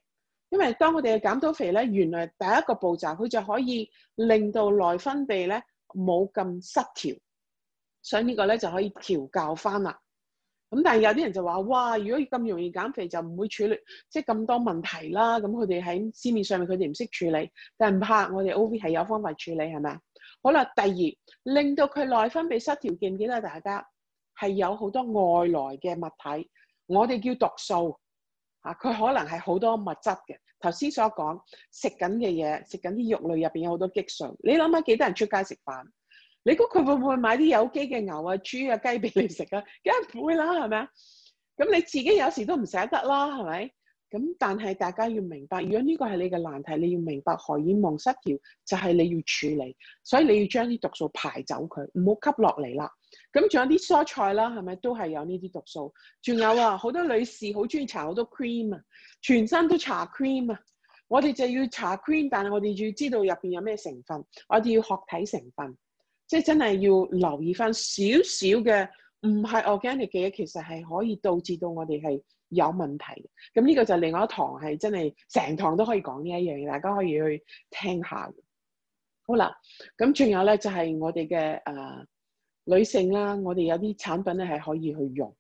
因為當我哋減到肥咧，原來第一個步驟，佢就可以令到內分泌咧冇咁失調，所以呢個咧就可以調教翻啦。咁但係有啲人就話：「哇！如果咁容易減肥，就唔會處理即係咁多問題啦。咁佢哋喺市面上面，佢哋唔識處理，但唔怕，我哋 OV 係有方法處理，係咪啊？好啦，第二，令到佢內分泌失調，記唔記得大家係有好多外來嘅物體，我哋叫毒素啊，佢可能係好多物質嘅。頭先所講，食緊嘅嘢，食緊啲肉類入邊有好多激素。你諗下幾多人出街食飯？你估佢會唔會買啲有機嘅牛啊、豬啊、雞俾你食啊？梗係唔會啦，係咪啊？咁你自己有時都唔捨得啦，係咪？咁但係大家要明白，如果呢個係你嘅難題，你要明白荷爾蒙失調就係你要處理，所以你要將啲毒素排走佢，唔好吸落嚟啦。咁仲有啲蔬菜啦，係咪都係有呢啲毒素？仲有啊，好多女士好中意搽好多 cream 啊，全身都搽 cream 啊。我哋就要搽 cream，但係我哋要知道入邊有咩成分，我哋要學睇成分。即係真係要留意翻少少嘅，唔係 organic 嘅嘢，其實係可以導致到我哋係有問題嘅。咁呢個就係另外一堂，係真係成堂都可以講呢一樣嘢，大家可以去聽一下嘅。好啦，咁仲有咧就係、是、我哋嘅誒女性啦，我哋有啲產品咧係可以去用，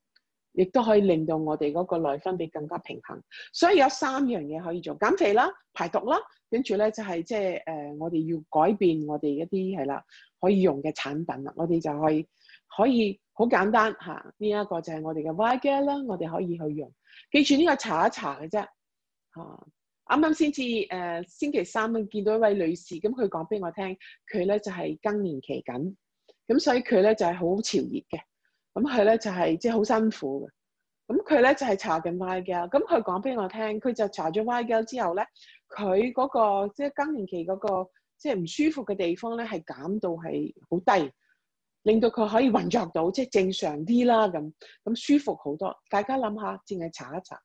亦都可以令到我哋嗰個內分泌更加平衡，所以有三樣嘢可以做：減肥啦、排毒啦，跟住咧就係即係誒，我哋要改變我哋一啲係啦可以用嘅產品啦，我哋就可以，可以好簡單嚇。呢、啊、一、個就係我哋嘅 Y Gel 啦，我哋可以去用。記住呢、個查一查嘅啫嚇。啱啱先至誒星期三見到一位女士，咁佢講俾我聽，佢咧就係、係、更年期緊，咁所以佢咧就係、係、好潮熱嘅。咁佢咧就係即係好辛苦嘅。咁佢咧就係、是、查緊 YG 啊。咁佢講俾我聽，佢就查咗 YG 之後咧，佢嗰、那個即係、就是、更年期嗰、那個即係唔舒服嘅地方咧，係減到係好低，令到佢可以運作到即係、就是、正常啲啦。咁、嗯、咁、嗯、舒服好多。大家諗下，淨係查一查，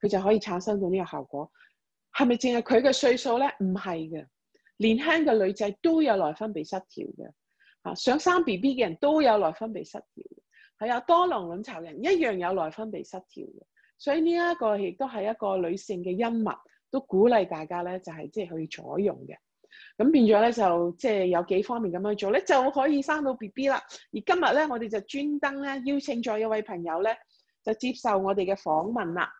佢就可以產生到呢個效果，係咪？淨係佢嘅歲數咧，唔係嘅。年輕嘅女仔都有內分泌失調嘅。嚇，想生 B B 嘅人都有內分泌失調。係啊，多囊卵巢人，人一樣有內分泌失調嘅，所以呢一個亦都係一個女性嘅陰物，都鼓勵大家咧，就係即係去採用嘅。咁變咗咧，就即係、就係、有幾方面咁樣做咧，就可以生到 BB 啦。而今日咧，我哋就專登咧邀請咗一位朋友咧，就接受我哋嘅訪問啦。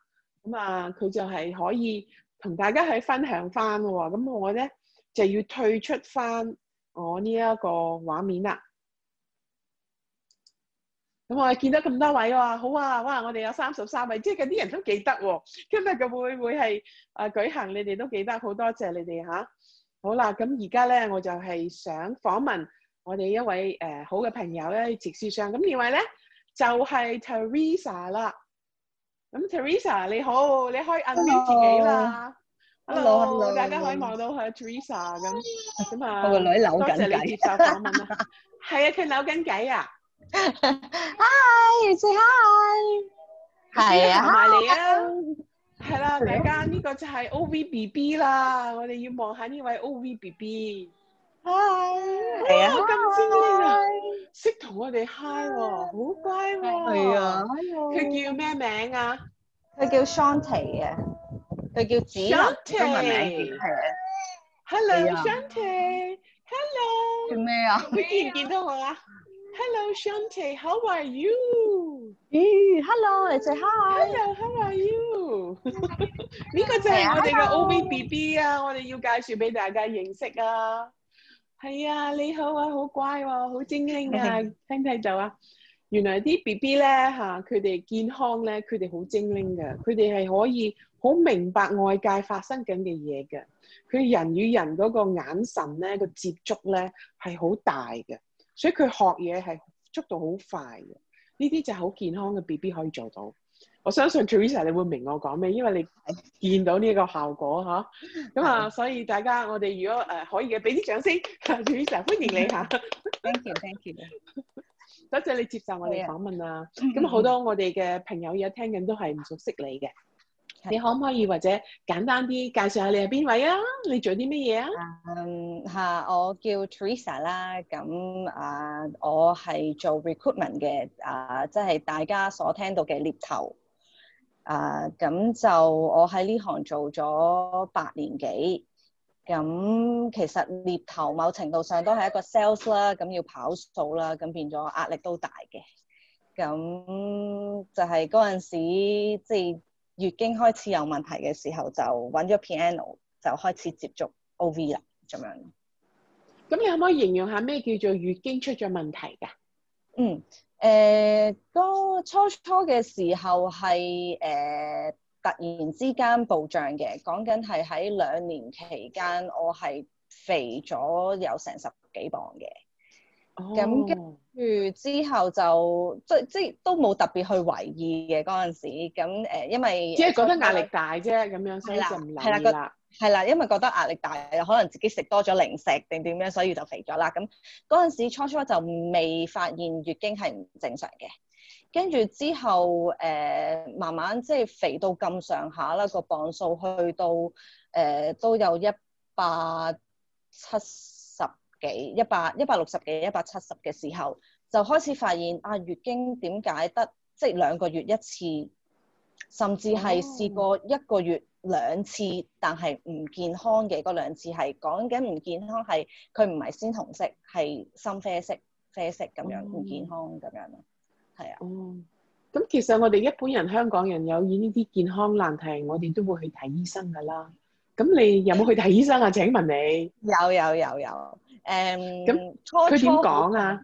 咁啊，佢就係可以同大家喺分享翻喎。咁我咧就要退出翻我呢一個畫面啦。我見到咁多位喎，好啊，哇！我哋有三十三位，即係啲人都記得喎。今日嘅會唔會係啊、呃、舉行？你哋都記得，好多謝你哋嚇、啊。好啦，咁而家咧我就係想訪問我哋一位誒、呃、好嘅朋友咧，直視上咁呢位咧就係、是、Teresa 啦。咁 Teresa 你好，你可以暗邊自己啦。Hello, hello, hello，大家可以望到係 Teresa 咁。我個女扭緊。多謝你接受訪問了 <laughs> 啊。係啊，佢扭緊計啊。Hi，say hi，係啊，同埋你啊，係啦，大家呢個就係 O V B B 啦，我哋要望下呢位 O V B B。Hi，係啊，咁精靈啊，識同我哋 hi 喎，好乖喎，係啊，佢叫咩名啊？佢叫 Shante 啊，佢叫 Shante 係啊。Hello Shante，Hello，叫咩啊？你見唔見到我啊？Hello，Shante，how are you？咦、hey,，Hello，你 say hi？Hello，how are you？呢 <laughs> 個就係我哋嘅 OBBB 啊，hello. 我哋要介紹俾大家認識啊。係啊，你好啊，好乖喎，啊，好精靈啊！Shante 就啊，原來啲 BB 咧吓，佢，啊，哋健康咧，佢哋好精靈噶，佢哋係可以好明白外界發生緊嘅嘢嘅。佢人與人嗰個眼神咧，個接觸咧係好大嘅。所以佢學嘢係速度好快嘅，呢啲就係好健康嘅 B B 可以做到。我相信 Teresa 你會明我講咩，因為你見到呢個效果嚇。咁 <laughs> 啊，所以大家我哋如果誒、呃、可以嘅，俾啲掌聲。 <laughs> Teresa 歡迎你嚇 <laughs> ，thank you，thank you。You. 多謝你接受我哋訪問，yeah. 啊，咁、嗯、好多我哋嘅朋友而家聽緊都係唔熟悉你嘅。你可唔可以或者簡單啲介紹下你係邊位啊？你做啲乜嘢啊？嗯、um, 我叫 Teresa 啦，咁啊，我係做 recruitment 嘅啊，即係大家所聽到嘅獵頭啊。咁就我喺呢行做咗八年幾，咁其實獵頭某程度上都係一個 sales 啦，咁要跑數啦，咁變咗壓力都大嘅。咁就係嗰陣時即係月經開始有問題嘅時候，就揾咗 piano，就開始接觸 OV 啦，咁樣。咁你可唔可以形容下咩叫做月經出咗問題㗎？嗯，誒、呃，嗰、那個、初初嘅時候係誒、呃、突然之間暴漲嘅，講緊係喺兩年期間，我係肥咗有成十幾磅嘅。咁跟住之後就即即都冇特別去懷疑嘅嗰陣時，咁誒，因為即係覺得壓力大啫，咁樣所以就唔留意啦。係啦，因為覺得壓力大，可能自己食多咗零食定點樣，所以就肥咗啦。咁嗰陣時初初就未發現月經係唔正常嘅，跟住之後誒、呃，慢慢即係肥到咁上下啦，個磅數去到誒、呃、都有一百七。幾一百一百六十幾一百七十嘅時候，就開始發現啊月經點解得即係兩個月一次，甚至係試過一個月兩次，但係唔健康嘅嗰兩次係講緊唔健康係佢唔係鮮紅色，係深啡色啡色咁樣唔、嗯、健康咁樣咯，係啊，嗯，咁其實我哋一般人香港人有遇呢啲健康難題，我哋都會去睇醫生㗎啦。咁你有冇去睇醫生啊？請問你有有有有。有有有誒、um，初初佢點講啊？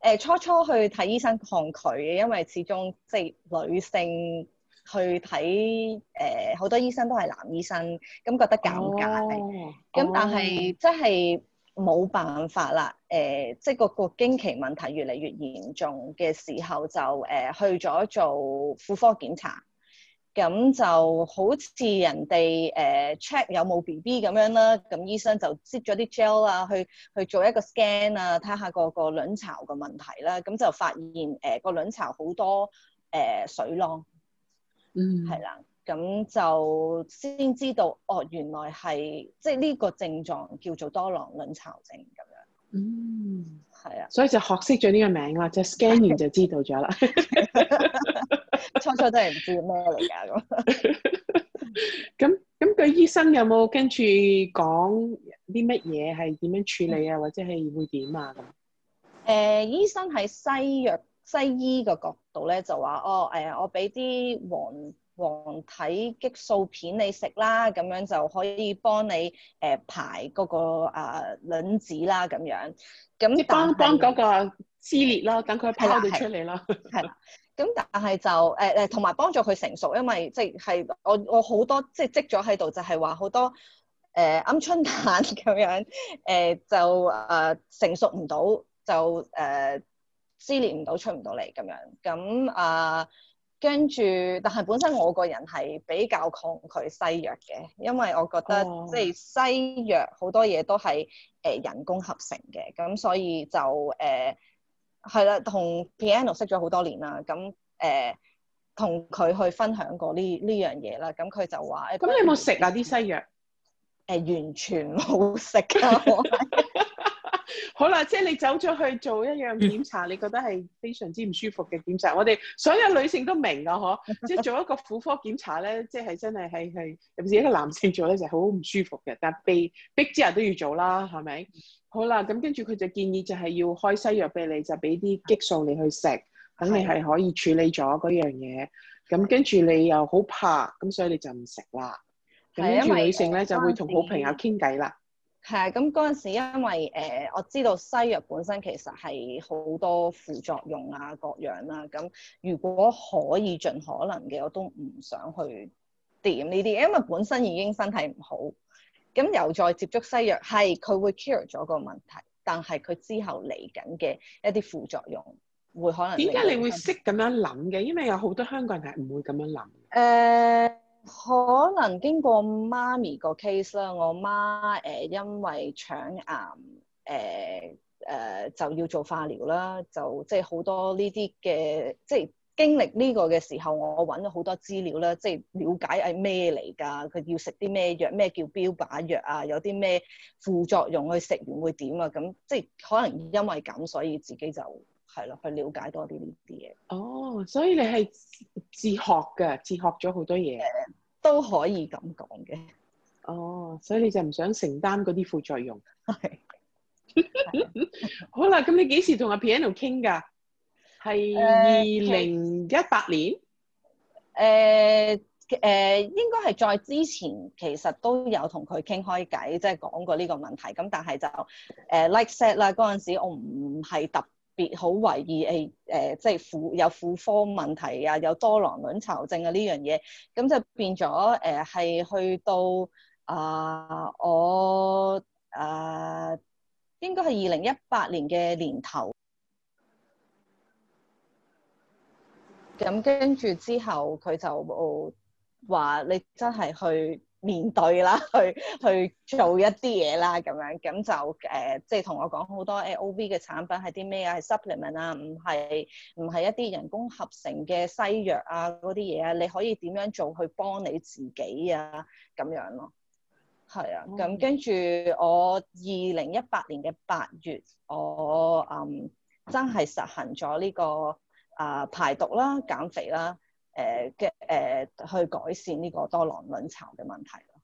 誒，初初去睇醫生抗拒，因為始終即係女性去睇誒，好、呃、多醫生都係男醫生，咁覺得尷尬。咁、哦嗯哦、但係真係冇辦法啦。誒、呃，即係個個經期問題越嚟越嚴重嘅時候，就誒去咗做婦科檢查。咁就好似人哋誒 check 有冇 B B 咁樣啦，咁醫生就擠咗啲 gel 啊，去去做一個 scan 啊，睇下個個卵巢嘅問題啦。咁就發現誒、呃個卵巢好多誒、呃、水咯，嗯，係啦。咁就先知道哦，原來係即係呢個症狀叫做多囊卵巢症咁樣。嗯，係啊。所以就學識咗呢個名啦，就 scan 完就知道咗啦。 <laughs> <laughs> 初初都係唔知咩嚟噶咁，咁 <laughs> 咁、 <laughs> 嗰個醫生有冇跟住講啲乜嘢係點樣處理啊，嗯、或者係會點啊咁？誒、呃，醫生喺西藥西醫嘅角度咧，就話哦，誒、呃，我俾啲黃黃體激素片你食啦，咁樣就可以幫你誒、呃、排嗰、嗰個啊、呃、卵子啦，咁樣咁幫幫嗰個。撕裂啦，等佢拋到出嚟啦。係啦，咁但係就誒誒，同、呃、埋幫助佢成熟，因為即、就、係、是、我我好多即係積咗喺度，就係話好多誒鵪、呃、鶉蛋咁樣誒、呃，就誒、呃、成熟唔到，就誒、呃、撕裂唔到，出唔到嚟咁樣。咁啊，跟、呃、住，但係本身我個人係比較抗拒西藥嘅，因為我覺得即係、哦就是、西藥好多嘢都係誒人工合成嘅，咁所以就誒。呃係啦，同 piano 識咗好多年啦，咁誒，同、呃、佢去分享過呢呢樣嘢啦，咁佢就話：咁你有冇食啊啲西藥？誒、呃，完全冇食㗎。 <laughs> <laughs> 好啦，即係你走咗去做一樣檢查，你覺得係非常之唔舒服嘅檢查。我哋所有女性都明噶，嗬， <laughs> 即係做一個婦科檢查咧，即係真係係係，甚至一個男性做咧就好唔舒服嘅。但係被逼之下都要做啦，係咪？好啦，咁跟住佢就建議就係要開西藥俾你，就俾啲激素你去食，肯定係可以處理咗嗰樣嘢。咁跟住你又好怕，咁所以你就唔食啦。咁啲女性咧就會同好朋友傾偈啦。係啊，咁嗰陣時因為誒、呃，我知道西藥本身其實係好多副作用啊，各樣啦、啊。咁如果可以盡可能嘅，我都唔想去掂呢啲，因為本身已經身體唔好，咁又再接觸西藥，係佢會 cure 咗個問題，但係佢之後嚟緊嘅一啲副作用會可能。點解你會識咁樣諗嘅？因為有好多香港人係唔會咁樣諗。誒、呃。可能經過媽咪個 case 啦，我媽因為腸癌誒誒、呃呃、就要做化療啦，就即係好多呢啲嘅即係經歷呢個嘅時候，我揾咗好多資料啦，即係了解係咩嚟㗎？佢要食啲咩藥？咩叫標靶藥啊？有啲咩副作用？去食完會點啊？咁即係可能因為咁，所以自己就。係咯，去了解多啲呢啲嘢。哦，所以你係自學嘅，自學咗好多嘢都可以咁講嘅。哦，所以你就唔想承擔嗰啲副作用。係 <laughs> 是的 <laughs> 好啦，咁你幾時同阿 Piano 傾㗎？係二零一八年。誒、呃、誒、呃呃，應該係再之前，其實都有同佢傾開偈，即係講過呢個問題。咁但係就誒、呃、like said 啦，嗰陣時我唔係特別。別好懷疑，誒誒、呃，即係婦有婦科問題啊，有多囊卵巢症啊呢樣嘢，咁就變咗誒，係、呃、去到啊、呃、我誒、呃、應該係二零一八年嘅年頭，咁跟住之後佢就話你真係去。面對啦，去去做一啲嘢啦，咁樣咁就誒、呃，即係同我講好多誒、欸、O.V. 嘅產品係啲咩啊？係 supplement 啦、啊，唔係唔係一啲人工合成嘅西藥啊，嗰啲嘢啊，你可以點樣做去幫你自己啊？咁樣咯，係啊，咁跟住我二零一八年嘅八月，我嗯真係實行咗呢、這個啊、呃、排毒啦，減肥啦。誒嘅誒去改善呢個多囊卵巢嘅問題咯。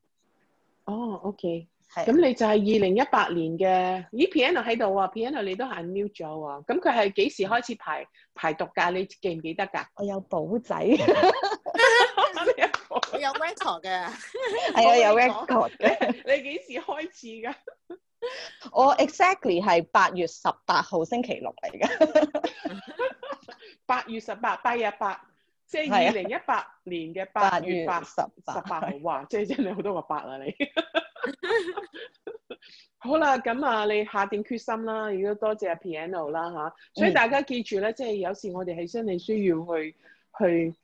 哦，OK，係咁，你就係二零一八年嘅咦，piano 喺度喎，piano 你都行 new 咗喎。咁佢係幾時開始排排毒㗎？你記唔記得㗎？我有簿仔，我有 record 嘅，係啊，有 record 嘅。你幾時開始㗎？我 exactly 係八月十八號星期六嚟㗎。八月十八，八月八。即係二零一八年嘅八月八十十八號，哇！即、就、係、是、真係好多個八啊！你 <laughs> <laughs> 好啦，咁啊，你下定決心啦！如果多謝阿 Piano 啦、啊、嚇、嗯，所以大家記住咧，即、就、係、是、有時我哋係真係需要去去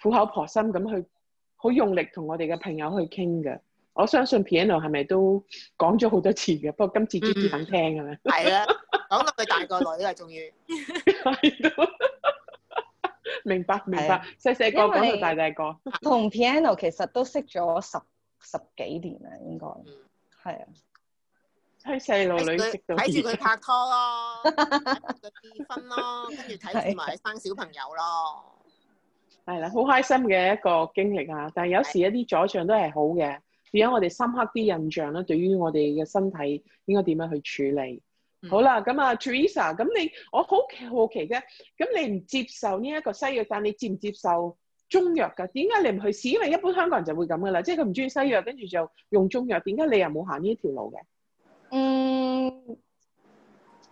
苦口婆心咁去，好用力同我哋嘅朋友去傾嘅。我相信 Piano 係咪都講咗好多次嘅？不過今次啲小朋友肯聽嘅咧，係、嗯、啊，講到佢大個女啦，終於。 <laughs> <laughs> <laughs> 明 <laughs> 白明白，細細、啊、個講到大大個，同 Piano 其實都識咗十十幾年啦，應該係啊。喺細路女識到睇住佢拍拖咯， <laughs> 佢結婚咯，跟住睇住埋生小朋友咯。係啦、啊，好開心嘅一個經歷啊！但係有時一啲阻障都係好嘅，點解、啊、我哋深刻啲印象咧？對於我哋嘅身體應該點樣去處理？嗯、好啦，咁啊，Teresa，咁你我好奇好奇啫，咁你唔接受呢一個西藥，但你接唔接受中藥噶？點解你唔去試？因為一般香港人就會咁噶啦，即係佢唔中意西藥，跟住就用中藥。點解你又冇行呢一條路嘅？嗯，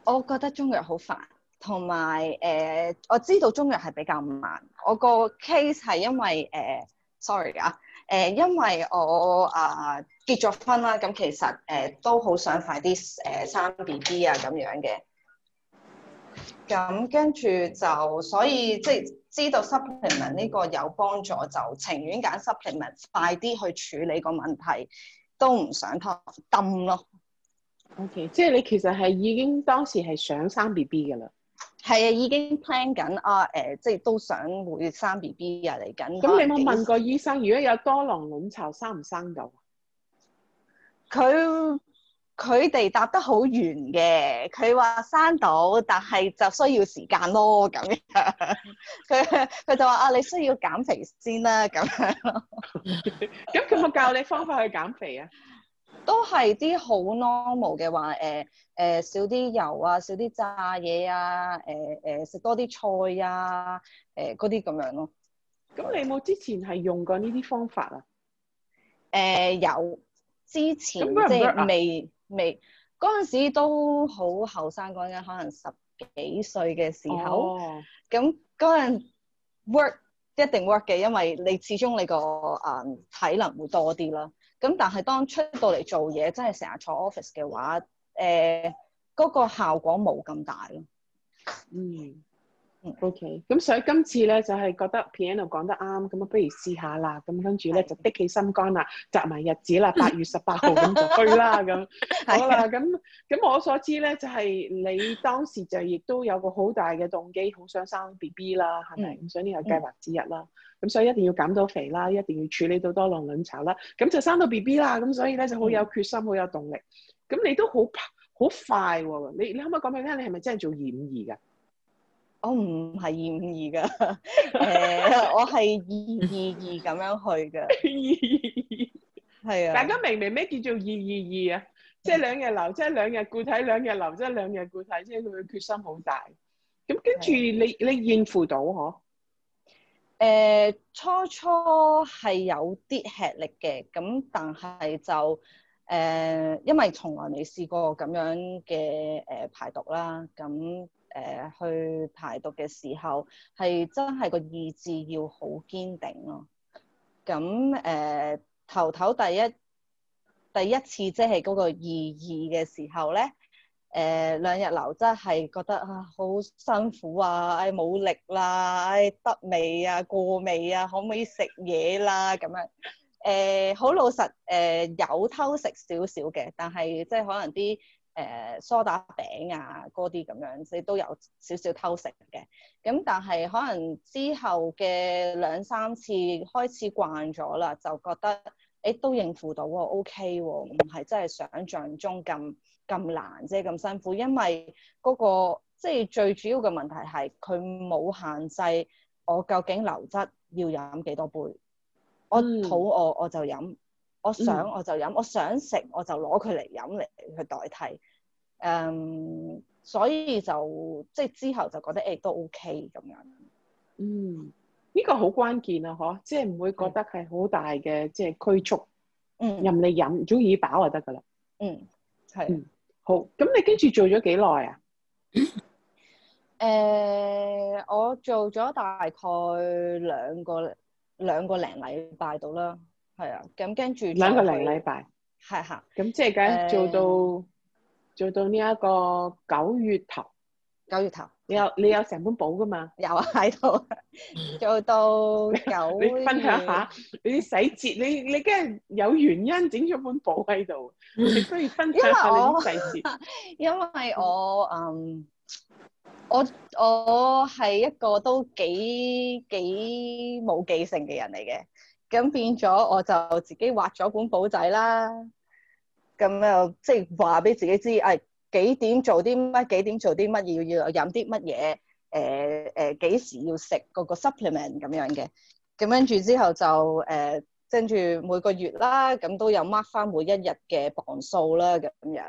我覺得中藥好煩，同埋誒，我知道中藥係比較慢。我個 case 係因為誒、呃、，sorry 啊。誒、呃，因為我啊、呃、結咗婚啦，咁其實誒、呃、都好想快啲誒、呃、生 BB 啊咁樣嘅，咁跟住就所以即係知道 supplement 呢個有幫助，就情願揀 supplement 快啲去處理個問題，都唔想拖抌咯。OK，即係你其實係已經當時係想生 BB 嘅啦？係啊，已經 plan 緊啊，誒、呃，即係都想會生 B B 啊，嚟緊。咁你有冇問過醫生，如果有多囊卵巢，生唔生到？佢佢哋答得好圓嘅，佢話生到，但係就需要時間咯咁樣。佢佢就話啊，你需要減肥先啦咁樣咯。咁佢冇教你方法去減肥啊？都係啲好 normal 嘅話，誒、呃、誒、呃、少啲油啊，少啲炸嘢啊，誒、呃、誒食多啲菜啊，誒嗰啲咁樣咯。咁你冇之前係用過呢啲方法啊？誒、呃、有，之前即係未未嗰陣時都好後生嗰陣，可能十幾歲嘅時候。咁嗰陣 work 一定 work 嘅，因為你始終你個啊體能會多啲啦。咁但係當出到嚟做嘢，真係成日坐 office 嘅話，誒嗰個效果冇咁大咯。嗯。O K，咁所以今次咧就係、是、覺得 Piano 講得啱，咁啊不如試下啦，咁跟住咧就的起心肝啦，擇埋日子啦，八月十八號咁就去啦咁。 <laughs> 好啦，咁咁我所知咧就係、是、你當時就亦都有個好大嘅動機，好想生 B B 啦，係咪？咁、嗯、所以呢個計劃之一啦。咁、嗯、所以一定要減到肥啦，一定要處理到多囊卵巢啦，咁就生到 B B 啦。咁所以咧就好有決心，好、嗯、有動力。咁你都好好快喎、啊！你你可唔可以講俾我聽？你係咪真係做嫌疑㗎？我唔係二五二噶，誒、呃，我係二二二咁樣去嘅，二二二係啊。大家明唔明咩叫做二二二啊？即係兩日流，即係兩日固體，兩日流，即係兩日固體，即係佢決心好大。咁跟住你你應付到嗬？誒、啊啊，初初係有啲吃力嘅，咁但係就誒、呃，因為從來未試過咁樣嘅誒、呃、排毒啦，咁。呃、去排毒嘅時候，係真係個意志要好堅定咯、哦。咁誒、呃、頭頭第一第一次即係嗰個意義嘅時候咧、呃，兩日流真係覺得啊好辛苦啊，冇力啦，得未啊過未啊，可唔可以食嘢啦咁樣？好、呃、老實、呃、有偷食少少嘅，但係即係可能啲。誒、呃，梳打餅啊，嗰啲咁樣，即係都有少少偷食嘅。咁但係可能之後嘅兩三次開始慣咗啦，就覺得誒、欸、都應付到喎、哦，OK 喎、哦，唔係真係想像中咁咁難啫，咁、即係、辛苦。因為嗰、嗰個即係、即係、最主要嘅問題係佢冇限制我究竟流質要飲幾多杯，我肚餓我就飲。嗯。.我想我就飲，我想食我就攞佢嚟飲嚟去代替，嗯、um,，所以就即係、就是、之後就覺得誒、欸、都 OK 咁樣。嗯，呢、這個好關鍵啊，嗬，即係唔會覺得係好大嘅即係拘束，嗯，任你飲，鍾意飽就得㗎喇。嗯，係。好，咁你跟住做咗幾耐啊？誒、 <laughs> uh,，我做咗大概兩個兩個零禮拜到啦。係啊，咁跟住兩個零禮拜，係哈、啊。咁即係梗做到、呃、做到呢一個九月頭。九月頭，你有、嗯、你有成本簿㗎嘛？有啊，喺度做到有。你分享下你啲細節，你你驚有原因整咗本簿喺度，你不如分享下你細節。因為我，因為我嗯，我我係一個都幾幾冇記性嘅人嚟嘅。咁變咗我就自己畫咗本簿仔啦，咁又即係話俾自己知，誒幾點做啲乜，幾點做啲乜，要要飲啲乜嘢，誒誒幾時要食嗰個 supplement 咁樣嘅，咁跟住之後就誒跟住每個月啦，咁都有 mark 返每一日嘅磅數啦，咁樣，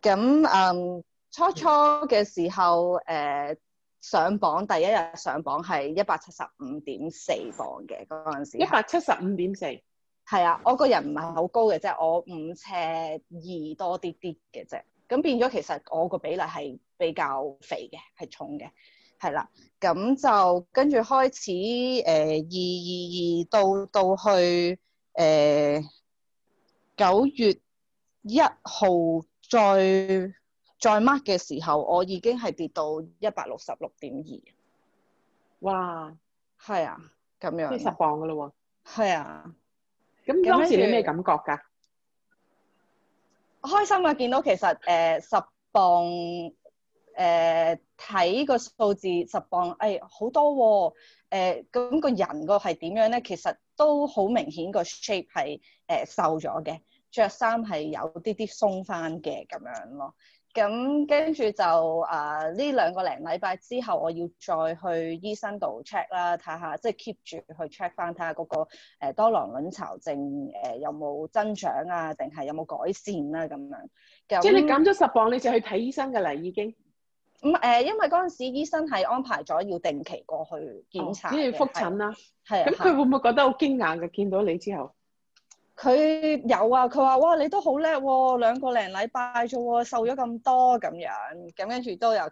咁嗯初初嘅時候誒。呃上榜，第一日上榜係一百七十五點四磅嘅嗰陣時，一百七十五點四，係啊。我個人唔係好高嘅啫，我五尺二多啲啲嘅啫，咁變咗其實我個比例係比較肥嘅，係重嘅，係啦，咁就跟住開始誒二二二到到去誒九月一號再。再 mark 嘅時候，我已經係跌到一百六十六點二。哇，係啊，咁樣。十磅噶咯喎。係啊。咁當時你咩感覺㗎？開心啊！見到其實誒十、呃、磅誒睇、呃、個數字十磅誒好、哎、多喎、啊、咁、呃那個人個係點樣咧？其實都好明顯個 shape 係誒、呃、瘦咗嘅，着衫係有啲啲鬆翻嘅咁樣咯、啊。咁跟住就，誒呢兩個零禮拜之後，我要再去醫生度 check 啦，睇下即係 keep 住去 check 翻，睇下、嗰個、呃、多囊卵巢症誒、呃、有冇增長啊，定係有冇改善啦、啊、咁樣，樣。即係你減咗十磅，你就去睇醫生㗎啦已經。唔、嗯、誒、呃，因為嗰陣時醫生係安排咗要定期過去檢查的、哦。只係復診啦。係啊。咁佢會唔會覺得好驚訝嘅見到你之後？佢有啊，佢話：哇，你都好叻喎，兩個零禮拜咋喎，瘦咗咁多咁樣，咁跟住都有誒，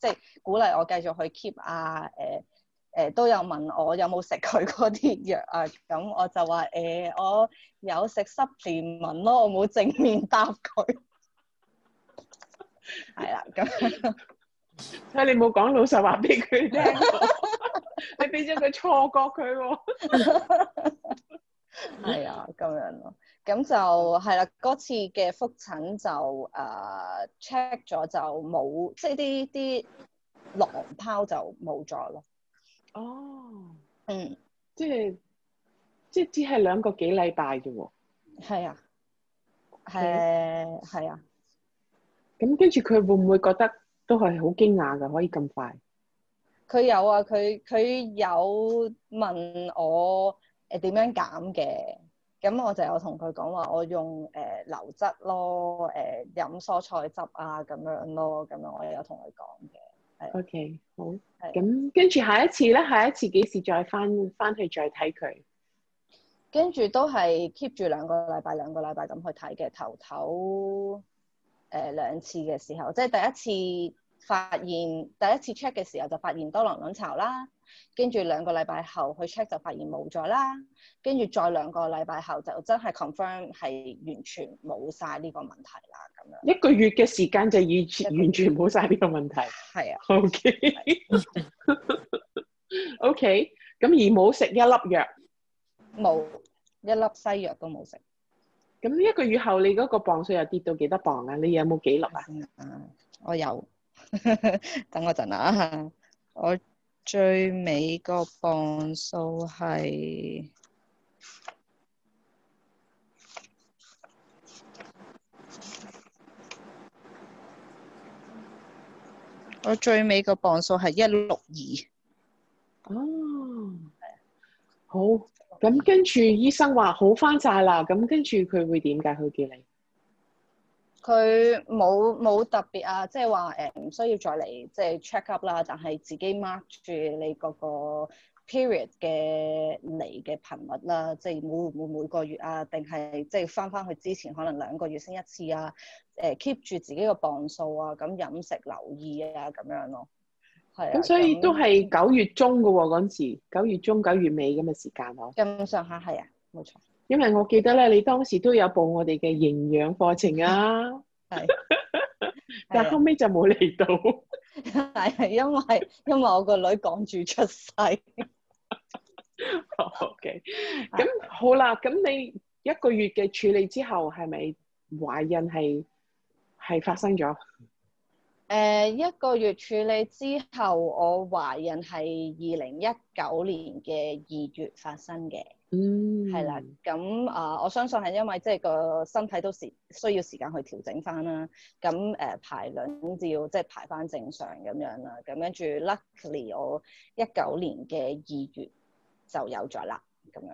即係鼓勵我繼續去 keep 啊，誒、呃、誒、呃、都有問我有冇食佢嗰啲藥啊，咁我就話誒、呃，我有食濕連文咯，我冇正面答佢，係 <laughs> 啦，咁啊，你冇講老實話俾佢聽， <laughs> <laughs> 你俾咗佢錯覺佢喎。 <laughs> <laughs> 係 <laughs> 啊，咁樣咯，咁就係啦。嗰、啊、次嘅複診就誒、呃、check 咗就冇，即係啲啲囊泡就冇咗咯。哦，嗯，即係即係只係兩個幾禮拜啫喎。係啊，係係、嗯、啊。咁跟住佢會唔會覺得都係好驚訝噶？可以咁快？佢有啊，佢佢有問我。誒點樣減嘅？咁我就有同佢講話，我用誒流、呃、質咯，誒、呃、飲蔬菜汁啊咁樣咯，咁樣我又有同佢講嘅。係。OK，好。係。咁跟住下一次咧，下一次幾時再翻翻去再睇佢？跟住都係 keep 住兩個禮拜，兩個禮拜咁去睇嘅。頭頭誒、呃、兩次嘅時候，即係第一次。發現第一次 check 嘅時候就發現多囊卵巢啦，跟住兩個禮拜後去 check 就發現冇咗啦，跟住再兩個禮拜後就真係 confirm 係完全冇晒呢個問題啦，咁樣一個月嘅時間就完全完全冇晒呢個問題，係啊，OK，OK，咁而冇食一粒藥，冇一粒西藥都冇食，咁一個月後你嗰個磅數又跌到幾多磅啊？你有冇記錄啊？啊，我有。 <laughs> 等我陣啊！我最尾個磅數係我最尾個磅數係一六二哦。好，咁跟住醫生話好返晒啦。咁跟住佢會點解佢叫你？佢冇冇特別啊，即係話誒唔需要再嚟即係 check up 啦，但係自己 mark 住你嗰個 period 嘅嚟嘅頻率啦，即係每每每個月啊，定係即係翻翻去之前可能兩個月先一次啊，誒 keep 住自己個磅數啊，咁飲食留意啊咁樣咯。係啊。咁所以都係九月中嘅喎，嗰陣時九月中九月尾咁嘅時間咯。咁上下係啊，冇錯。因為我記得咧，你當時都有報我哋嘅營養課程啊， <laughs> 是 <laughs> 但後尾就冇嚟到，係 <laughs> 因為因為我個女趕住出世。O K，咁好啦，咁你一個月嘅處理之後，係咪懷孕係係發生咗？誒、呃，一個月處理之後，我懷孕係二零一九年嘅二月發生嘅。嗯，係啦，咁啊、呃，我相信係因為即係個身體都時需要時間去調整翻啦，咁誒、呃、排卵就即、是、係排翻正常咁樣啦，咁跟住 luckily 我一九年嘅二月就有咗啦，咁樣。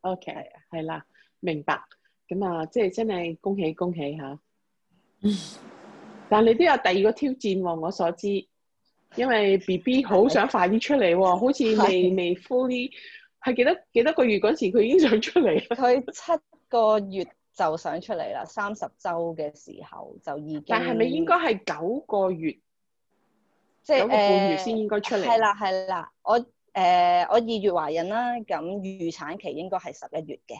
O K 係啦，明白，咁啊，即、就、係、是、真係恭喜恭喜吓。嗯， <laughs> 但你都有第二個挑戰喎，我所知，因為 B B 好想快啲出嚟喎， <laughs> 好似像未 <laughs> 未 f u l l 係幾多幾多個月嗰時佢已經想出嚟？佢七個月就想出嚟啦，三 <laughs> 十週嘅時候就已經。但係咪應該係九個月？即係九個半月先應該出嚟。係啦係啦，我誒、呃、我二月懷孕啦，咁預產期應該係十一月嘅。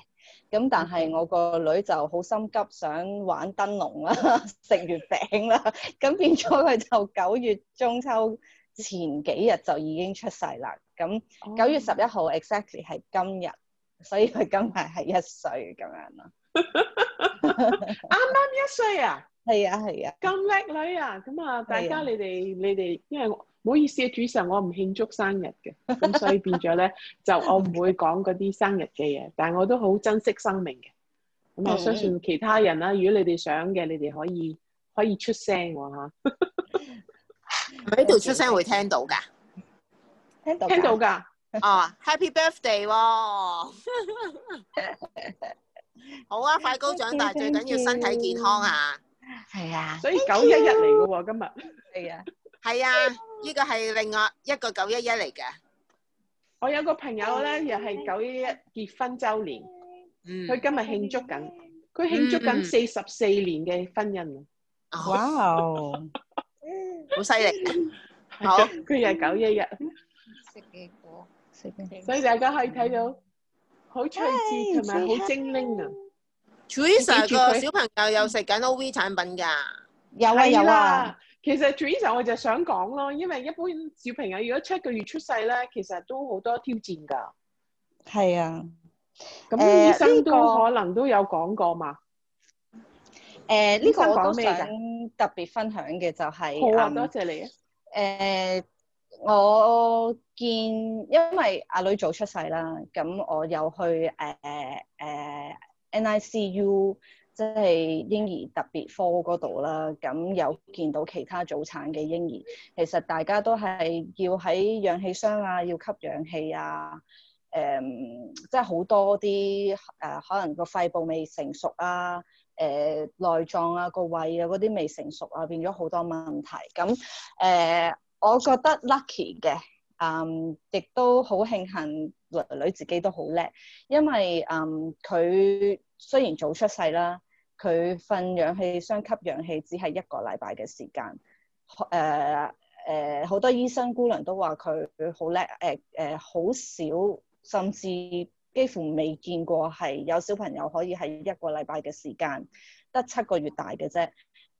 咁但係我個女就好心急，想玩燈籠啦，食 <laughs> 月餅啦，咁變咗佢就九月中秋前幾日就已經出世啦。咁九月十一號 exactly 係今日，oh. 所以佢今日係一歲咁樣咯。啱 <laughs> 啱 <laughs> 一歲啊！係啊係啊！咁叻女啊！咁啊，大家、啊、你哋你哋，因為我唔好意思啊，主持人我唔慶祝生日嘅，咁 <laughs> 所以變咗咧就我唔會講嗰啲生日嘅嘢， <laughs> 但我都好珍惜生命嘅。咁我相信其他人啦， <laughs> 如果你哋想嘅，你哋可以可以出聲喎嚇。喺 <laughs> 度出聲會聽到噶。聽到噶，哦，Happy Birthday 喎！好啊，快高長大，最緊要身體健康啊！係啊，所以九一一嚟嘅喎，今日，係啊，係啊，呢個係另外一個九一一嚟嘅。我有個朋友咧，又係九一一結婚周年，嗯，佢今日慶祝緊，佢慶祝緊四十四年嘅婚姻。哇哦，好犀利！好，佢又係九一一。食幾個，食幾個，所以大家可以睇到好趣致同埋好精靈啊。Teresa 個小朋友有食緊 OV 產品噶，有啊有啊。其實 Teresa，我就想講咯，因為一般小朋友如果七個月出世咧，其實都好多挑戰噶。係啊，咁醫生都可能都有講過嘛。誒，呢個我都想特別分享嘅就係，好啊，多謝你啊。誒。我見，因為阿女早出世啦，咁我有去誒誒、uh, uh, NICU，即係嬰兒特別科嗰度啦。咁有見到其他早產嘅嬰兒，其實大家都係要喺氧氣箱啊，要吸氧氣啊。誒、嗯，即係好多啲誒、啊，可能個肺部未成熟啊，誒、啊、內臟啊，個胃啊嗰啲未成熟啊，變咗好多問題。咁誒。Uh, 我覺得 lucky 嘅，嗯，亦都好慶幸女，女自己都好叻，因為嗯佢雖然早出世啦，佢瞓氧氣箱吸氧氣只係一個禮拜嘅時間，誒誒好多醫生姑娘都話佢好叻，誒誒好少，甚至幾乎未見過係有小朋友可以喺一個禮拜嘅時間得七個月大嘅啫，誒、